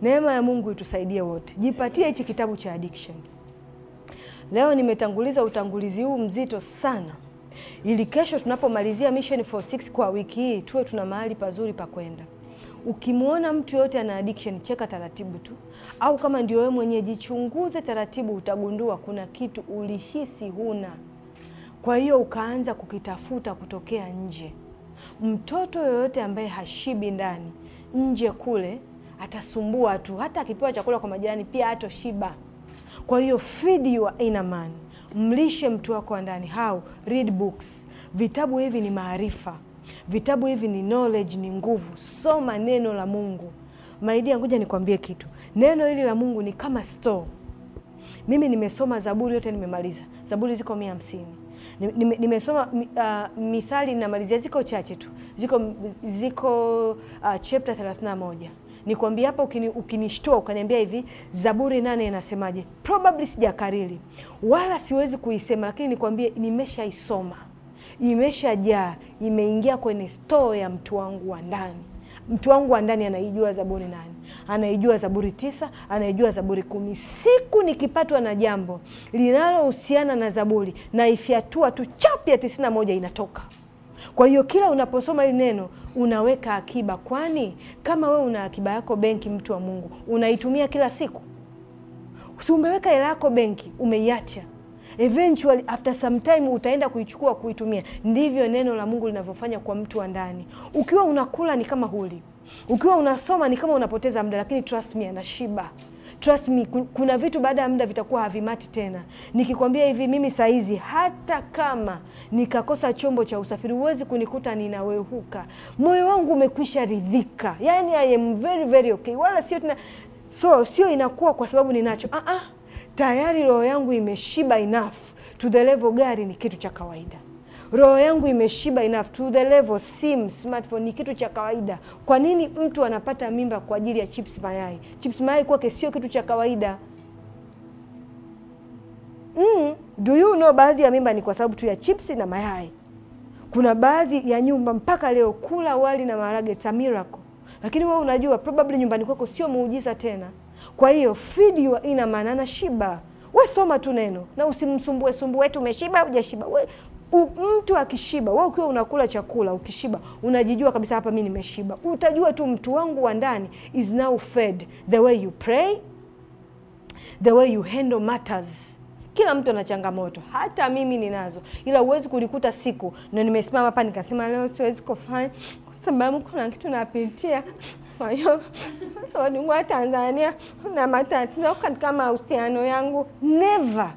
neema ya Mungu itusaidie wote. Jipatie hichi kitabu cha addiction. Leo nimetanguliza utangulizi huu mzito sana, ili kesho tunapomalizia Mission 46 kwa wiki hii tuwe tuna mahali pazuri pa kwenda. Ukimwona mtu yoyote ana addiction, cheka taratibu tu, au kama ndio wewe mwenye, jichunguze taratibu, utagundua kuna kitu ulihisi huna, kwa hiyo ukaanza kukitafuta kutokea nje. Mtoto yoyote ambaye hashibi ndani, nje kule atasumbua tu, hata akipewa chakula kwa majirani pia hatoshiba. Kwa hiyo feed your inner man, mlishe mtu wako wa ndani. How? Read books. Vitabu hivi ni maarifa, vitabu hivi ni knowledge, ni nguvu. Soma neno la Mungu. Maidia, ngoja nikwambie kitu. Neno hili la Mungu ni kama store. Mimi nimesoma Zaburi yote nimemaliza. Zaburi ziko mia hamsini nimesoma uh, Mithali namalizia, ziko chache tu, ziko ziko uh, chapter 31 nikwambia hapa, ukini, ukinishtua ukaniambia hivi Zaburi nane inasemaje, probably sijakariri wala siwezi kuisema, lakini nikwambie nimeshaisoma, imeshajaa, imeingia kwenye stoo ya mtu wangu wa ndani mtu wangu wa ndani anaijua Zaburi nane, anaijua Zaburi tisa, anaijua Zaburi kumi. Siku nikipatwa na jambo linalohusiana na Zaburi naifyatua tu, chapya ya tisini na moja inatoka. Kwa hiyo kila unaposoma hili neno unaweka akiba, kwani kama wewe una akiba yako benki, mtu wa Mungu, unaitumia kila siku? Si umeweka hela yako benki, umeiacha eventually after some time utaenda kuichukua kuitumia. Ndivyo neno la Mungu linavyofanya kwa mtu wa ndani. Ukiwa unakula ni kama huli, ukiwa unasoma ni kama unapoteza muda, lakini trust me, anashiba trust me, kuna vitu baada ya muda vitakuwa havimati tena. Nikikwambia hivi, mimi saizi hata kama nikakosa chombo cha usafiri, huwezi kunikuta ninawehuka. Moyo wangu umekwisha ridhika, yani I am very very okay, wala sio tena, so sio inakuwa kwa sababu ninacho ah, -uh. tayari roho yangu imeshiba enough to the level, gari ni kitu cha kawaida roho yangu imeshiba enough to the level sim smartphone ni kitu cha kawaida. Kwa nini mtu anapata mimba kwa ajili ya chips mayai? Chips mayai kwake sio kitu cha kawaida. Mm, do you know baadhi ya mimba ni kwa sababu tu ya chips na mayai. Kuna baadhi ya nyumba mpaka leo kula wali na maharage it's a Lakini wewe unajua probably nyumbani kwako sio muujiza tena. Kwa hiyo feed your inner man shiba We soma tu neno na usimsumbue sumbue, eti umeshiba hujashiba. We mtu akishiba, wewe ukiwa unakula chakula ukishiba, unajijua kabisa, hapa mi nimeshiba. Utajua tu mtu wangu wa ndani is now fed, the way you pray, the way you handle matters. Kila mtu ana changamoto, hata mimi ninazo, ila huwezi kulikuta siku na nimesimama hapa nikasema leo siwezi kufanya kwa sababu kuna kitu napitia kwa wa Tanzania na matatizo katika mahusiano yangu never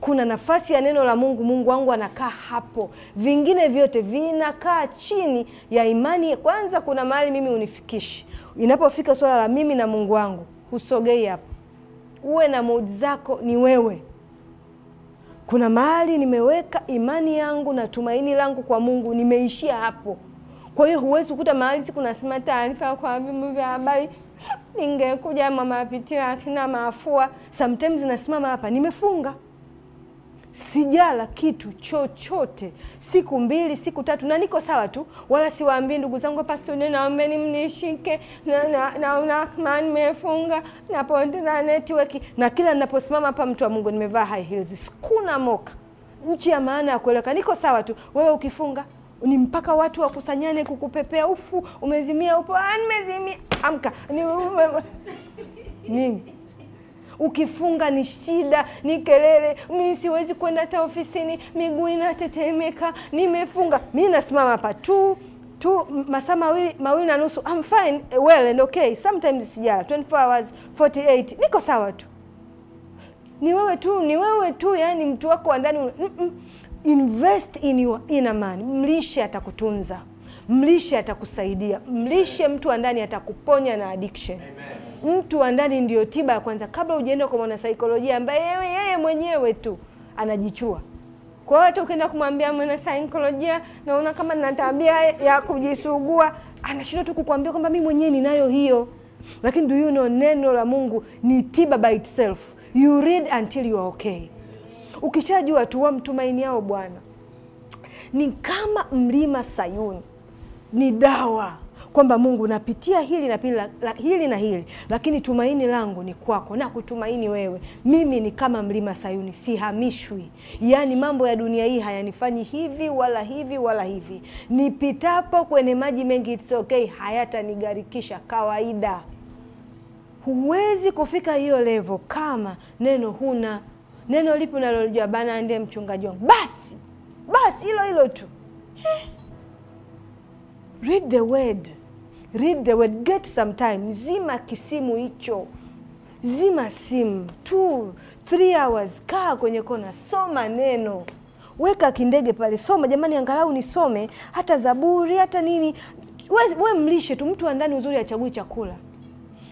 kuna nafasi ya neno la Mungu, Mungu wangu anakaa hapo, vingine vyote vinakaa chini ya imani. Kwanza kuna mahali mimi unifikishi, inapofika swala la mimi na Mungu wangu husogei hapo. Uwe na modi zako, ni wewe. Kuna mahali nimeweka imani yangu na tumaini langu kwa Mungu, nimeishia hapo. Kwa hiyo huwezi kukuta mahali siku nasema taarifa kwa vyombo vya habari, ningekuja mama apitia akina maafua, sometimes nasimama hapa, nimefunga sijala kitu chochote siku mbili siku tatu, na niko sawa tu, wala siwaambii ndugu zangu pasuni, naombeni mnishike, naona na, nimefunga na network, na kila ninaposimama hapa, mtu wa Mungu, nimevaa high heels, sikuna moka nchi ya maana ya kueleka Niko sawa tu, wewe ukifunga ni mpaka watu wakusanyane kukupepea, ufu umezimia, upo ah, nimezimia, amka ni nini ukifunga ni shida, ni kelele, mimi siwezi kwenda hata ofisini, miguu inatetemeka, nimefunga. Mimi nasimama hapa tu tu masaa mawili mawili na nusu, I'm fine well and okay, sometimes sijala 24 hours 48, niko sawa tu. Ni wewe tu, ni wewe tu, yani mtu wako wa ndani. Mm -mm. Invest in your inner man, mlishe atakutunza mlishe atakusaidia, mlishe mtu wa ndani atakuponya na addiction. Amen mtu wa ndani ndiyo tiba ya kwanza, kabla hujaenda kwa mwanasaikolojia ambaye yeye yeye mwenyewe tu anajichua. Kwa hiyo hata ukienda kumwambia mwanasaikolojia, naona kama nina tabia ya kujisugua, anashindwa tu kukuambia kwamba mimi mwenyewe ninayo hiyo. Lakini do you know, neno la Mungu ni tiba by itself. You read until you are okay. Ukishajua tu wa mtumaini yao Bwana ni kama mlima Sayuni, ni dawa kwamba Mungu napitia hili na pili, la, hili na hili, lakini tumaini langu ni kwako na kutumaini wewe. Mimi ni kama mlima Sayuni, sihamishwi. Yaani mambo ya dunia hii hayanifanyi hivi wala hivi wala hivi. Nipitapo kwenye maji mengi, it's okay, hayatanigarikisha kawaida. Huwezi kufika hiyo levo kama neno huna. Neno lipi unalolijua? Bana ndiye mchungaji wangu, basi basi, hilo hilo tu. Eh. Read the word read the word, get some time, zima kisimu hicho, zima simu two three hours, kaa kwenye kona, soma neno weka kindege pale, soma jamani, angalau nisome hata Zaburi hata nini. We, we mlishe tu mtu wa ndani, uzuri achagui chakula.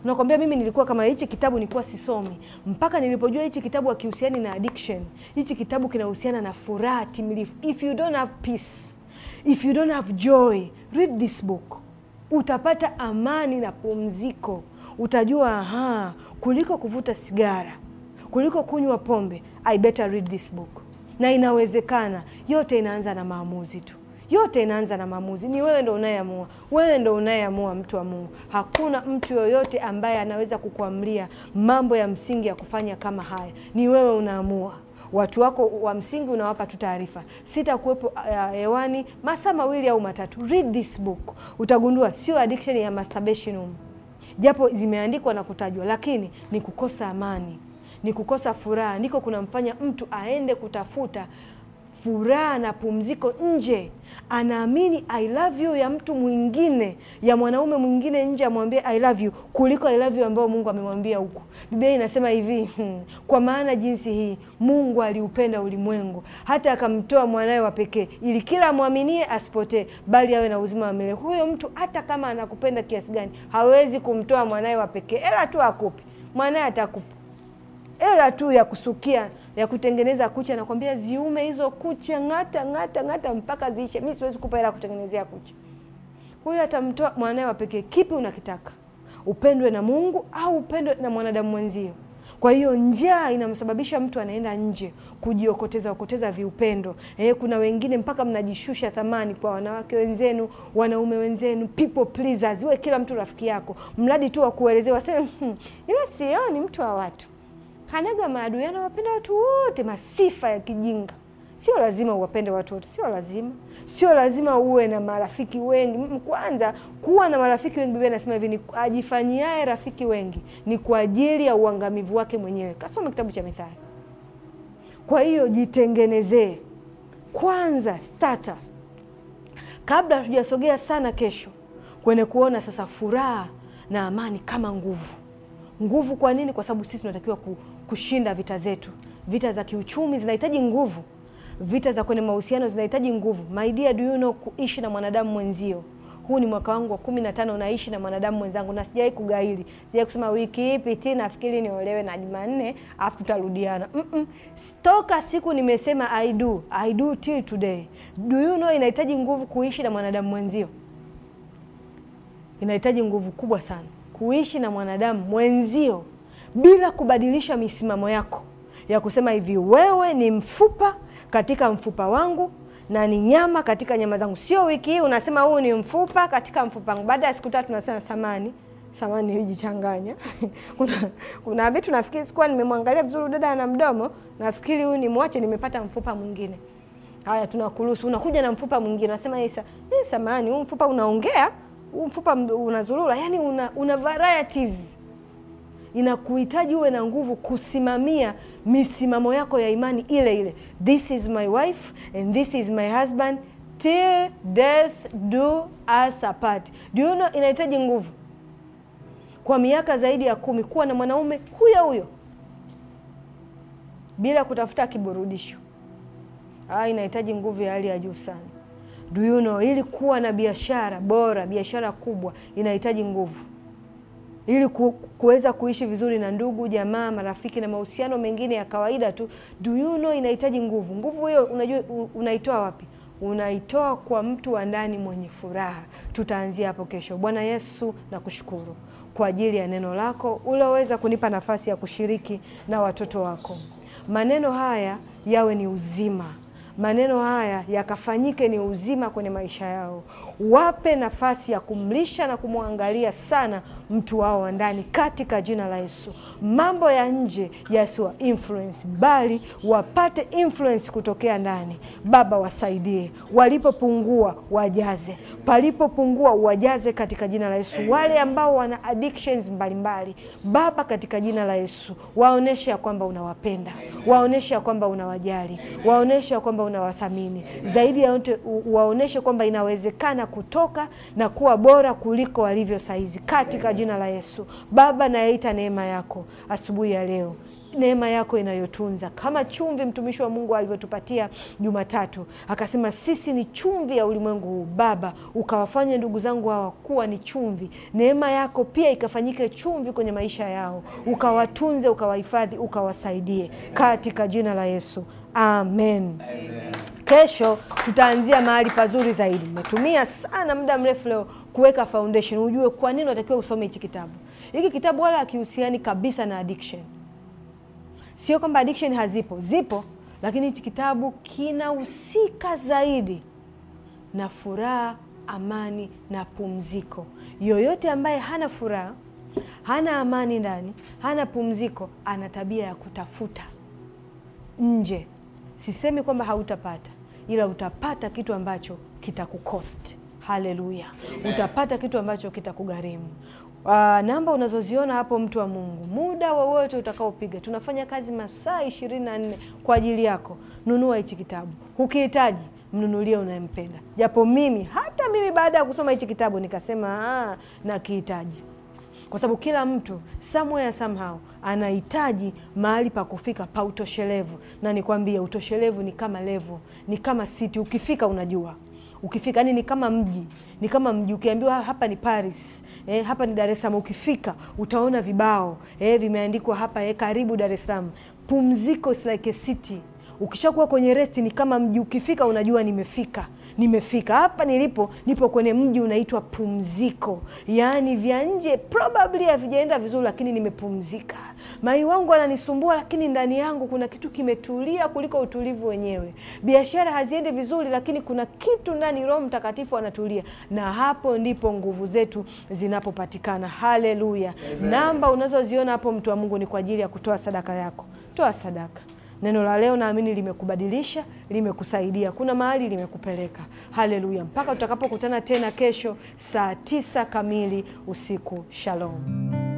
Nakwambia mimi nilikuwa kama hichi kitabu nilikuwa sisomi mpaka nilipojua hichi kitabu akihusiani na addiction, hichi kitabu kinahusiana na furaha timilifu. If you don't have peace, if you don't have joy, read this book utapata amani na pumziko. Utajua aha, kuliko kuvuta sigara, kuliko kunywa pombe, I better read this book. Na inawezekana, yote inaanza na maamuzi tu yote inaanza na maamuzi. Ni wewe ndo unayeamua, wewe ndo unayeamua, mtu wa Mungu. Hakuna mtu yoyote ambaye anaweza kukuamlia mambo ya msingi ya kufanya kama haya. Ni wewe unaamua watu wako wa msingi unawapa tu taarifa, sitakuwepo uh, hewani uh, masaa mawili au matatu. Read this book, utagundua sio addiction ya masturbation um, japo zimeandikwa na kutajwa, lakini ni kukosa amani, ni kukosa furaha, ndiko kunamfanya mtu aende kutafuta furaha na pumziko nje, anaamini I love you ya mtu mwingine, ya mwanaume mwingine nje, amwambie I love you kuliko I love you ambayo Mungu amemwambia huku. Biblia inasema hivi, hmm, kwa maana jinsi hii Mungu aliupenda ulimwengu hata akamtoa mwanawe wa pekee, ili kila amwaminie asipotee, bali awe na uzima wa milele. Huyo mtu hata kama anakupenda kiasi gani, hawezi kumtoa mwanawe wa pekee, ela tu akupe mwanae atakupa ela tu ya kusukia ya kutengeneza kucha, nakwambia ziume hizo kucha, ng'ata ng'ata ng'ata mpaka ziishe. Mimi siwezi kupa hela kutengenezea kucha. Huyo atamtoa mwanae wa pekee. Kipi unakitaka, upendwe na Mungu au upendwe na mwanadamu mwenzio? Kwa hiyo njaa inamsababisha mtu anaenda nje kujiokoteza okoteza viupendo. E, kuna wengine mpaka mnajishusha thamani kwa wanawake wenzenu, wanaume wenzenu, people pleasers. Ziwe kila mtu rafiki yako, mradi tu wakuelezewa, waseme hmm, ila sioni mtu wa watu Kanaga maadui anawapenda watu wote, masifa ya kijinga. Sio lazima uwapende watu wote, sio lazima, sio lazima uwe na marafiki wengi. Kwanza kuwa na marafiki wengi, Biblia inasema hivi, ni ajifanyiaye rafiki wengi ni kwa ajili ya uangamivu wake mwenyewe. Kasome kitabu cha Mithali. Kwa hiyo jitengenezee kwanza starter, kabla hatujasogea sana kesho kwenye kuona sasa furaha na amani kama nguvu. Nguvu kwa nini? Kwa sababu sisi tunatakiwa ku kushinda vita zetu. Vita za kiuchumi zinahitaji nguvu, vita za kwenye mahusiano zinahitaji nguvu. My dear, do you know, kuishi na mwanadamu mwenzio huu ni mwaka wangu wa kumi na tano naishi na mwanadamu mwenzangu, na sijawahi kugaili, sijawahi kusema wiki ipi ti nafikiri niolewe na Jumanne afu tutarudiana. mm -mm. Toka siku nimesema I do, I do till today. Do you know, inahitaji nguvu kuishi na mwanadamu mwenzio, inahitaji nguvu kubwa sana kuishi na mwanadamu mwenzio bila kubadilisha misimamo yako ya kusema hivi, wewe ni mfupa katika mfupa wangu na ni nyama katika nyama zangu. Sio wiki hii unasema huu ni mfupa katika mfupa wangu, baada ya siku tatu unasema samani samani, nilijichanganya. kuna, kuna vitu nafikiri sikuwa nimemwangalia vizuri dada ana mdomo, nafikiri huyu ni mwache nimepata mfupa mwingine. Haya, tunakuruhusu, unakuja na mfupa mwingine, unasema Isa, eh, samani, huu mfupa unaongea, huu mfupa unazurura, yani una, una varieties inakuhitaji uwe na nguvu kusimamia misimamo yako ya imani ile ile, this is my wife and this is my husband till death do us apart. Do you know, inahitaji nguvu kwa miaka zaidi ya kumi kuwa na mwanaume huyo huyo bila kutafuta kiburudisho. Ah, inahitaji nguvu ya hali ya juu sana. Do you know, ili kuwa na biashara bora, biashara kubwa inahitaji nguvu ili kuweza kuishi vizuri na ndugu, jamaa, marafiki na mahusiano mengine ya kawaida tu. Do you know, inahitaji nguvu. Nguvu hiyo unajua unaitoa wapi? Unaitoa kwa mtu wa ndani mwenye furaha. Tutaanzia hapo kesho. Bwana Yesu, nakushukuru kwa ajili ya neno lako ulioweza kunipa nafasi ya kushiriki na watoto wako. Maneno haya yawe ni uzima, maneno haya yakafanyike ni uzima kwenye maisha yao wape nafasi ya kumlisha na kumwangalia sana mtu wao wa ndani, katika jina la Yesu. Mambo ya nje yasiwa influence, bali wapate influence kutokea ndani. Baba, wasaidie walipopungua, wajaze palipopungua, wajaze katika jina la Yesu. Wale ambao wana addictions mbalimbali mbali, Baba, katika jina la Yesu waoneshe ya kwamba unawapenda, waoneshe ya kwamba unawajali, waoneshe ya kwamba unawathamini zaidi ya yote, waoneshe kwamba inawezekana kutoka na kuwa bora kuliko walivyo saizi, katika jina la Yesu. Baba, nayaita neema yako asubuhi ya leo neema yako inayotunza, kama chumvi mtumishi wa Mungu alivyotupatia Jumatatu, akasema sisi ni chumvi ya ulimwengu huu. Baba, ukawafanya ndugu zangu hawa kuwa ni chumvi, neema yako pia ikafanyike chumvi kwenye maisha yao, ukawatunze, ukawahifadhi, ukawasaidie katika jina la Yesu, amen, amen. Kesho tutaanzia mahali pazuri zaidi. Umetumia sana muda mrefu leo kuweka foundation, ujue kwa nini unatakiwa usome hichi kitabu. Hiki kitabu wala hakihusiani kabisa na addiction Sio kwamba addiction hazipo, zipo, lakini hichi kitabu kinahusika zaidi na furaha, amani na pumziko. Yoyote ambaye hana furaha, hana amani ndani, hana pumziko, ana tabia ya kutafuta nje. Sisemi kwamba hautapata, ila utapata kitu ambacho kitakukost Haleluya! Utapata kitu ambacho kitakugharimu. Uh, namba unazoziona hapo, mtu wa Mungu, muda wowote utakaopiga, tunafanya kazi masaa ishirini na nne kwa ajili yako. Nunua hichi kitabu, ukihitaji mnunulie unayempenda. Japo mimi hata mimi baada ya kusoma hichi kitabu nikasema ah, nakihitaji, kwa sababu kila mtu somewhere somehow anahitaji mahali pa kufika pa utoshelevu, na nikwambie, utoshelevu ni kama levo, ni kama siti, ukifika unajua ukifika yani ni kama mji, ni kama mji. Ukiambiwa hapa ni Paris eh, hapa ni Dar es Salaam, ukifika utaona vibao eh, vimeandikwa hapa eh, karibu Dar es Salaam. Pumziko is like a city. Ukishakuwa kwenye resti ni kama mji, ukifika unajua nimefika nimefika hapa nilipo, nipo kwenye mji unaitwa pumziko, yaani vya nje probably havijaenda vizuri, lakini nimepumzika. Mai wangu ananisumbua, lakini ndani yangu kuna kitu kimetulia kuliko utulivu wenyewe. Biashara haziendi vizuri, lakini kuna kitu ndani, Roho Mtakatifu anatulia, na hapo ndipo nguvu zetu zinapopatikana. Haleluya! Namba unazoziona hapo, mtu wa Mungu, ni kwa ajili ya kutoa sadaka yako. Toa sadaka. Neno la leo naamini limekubadilisha, limekusaidia, kuna mahali limekupeleka. Haleluya! Mpaka tutakapokutana tena kesho saa tisa kamili usiku. Shalom.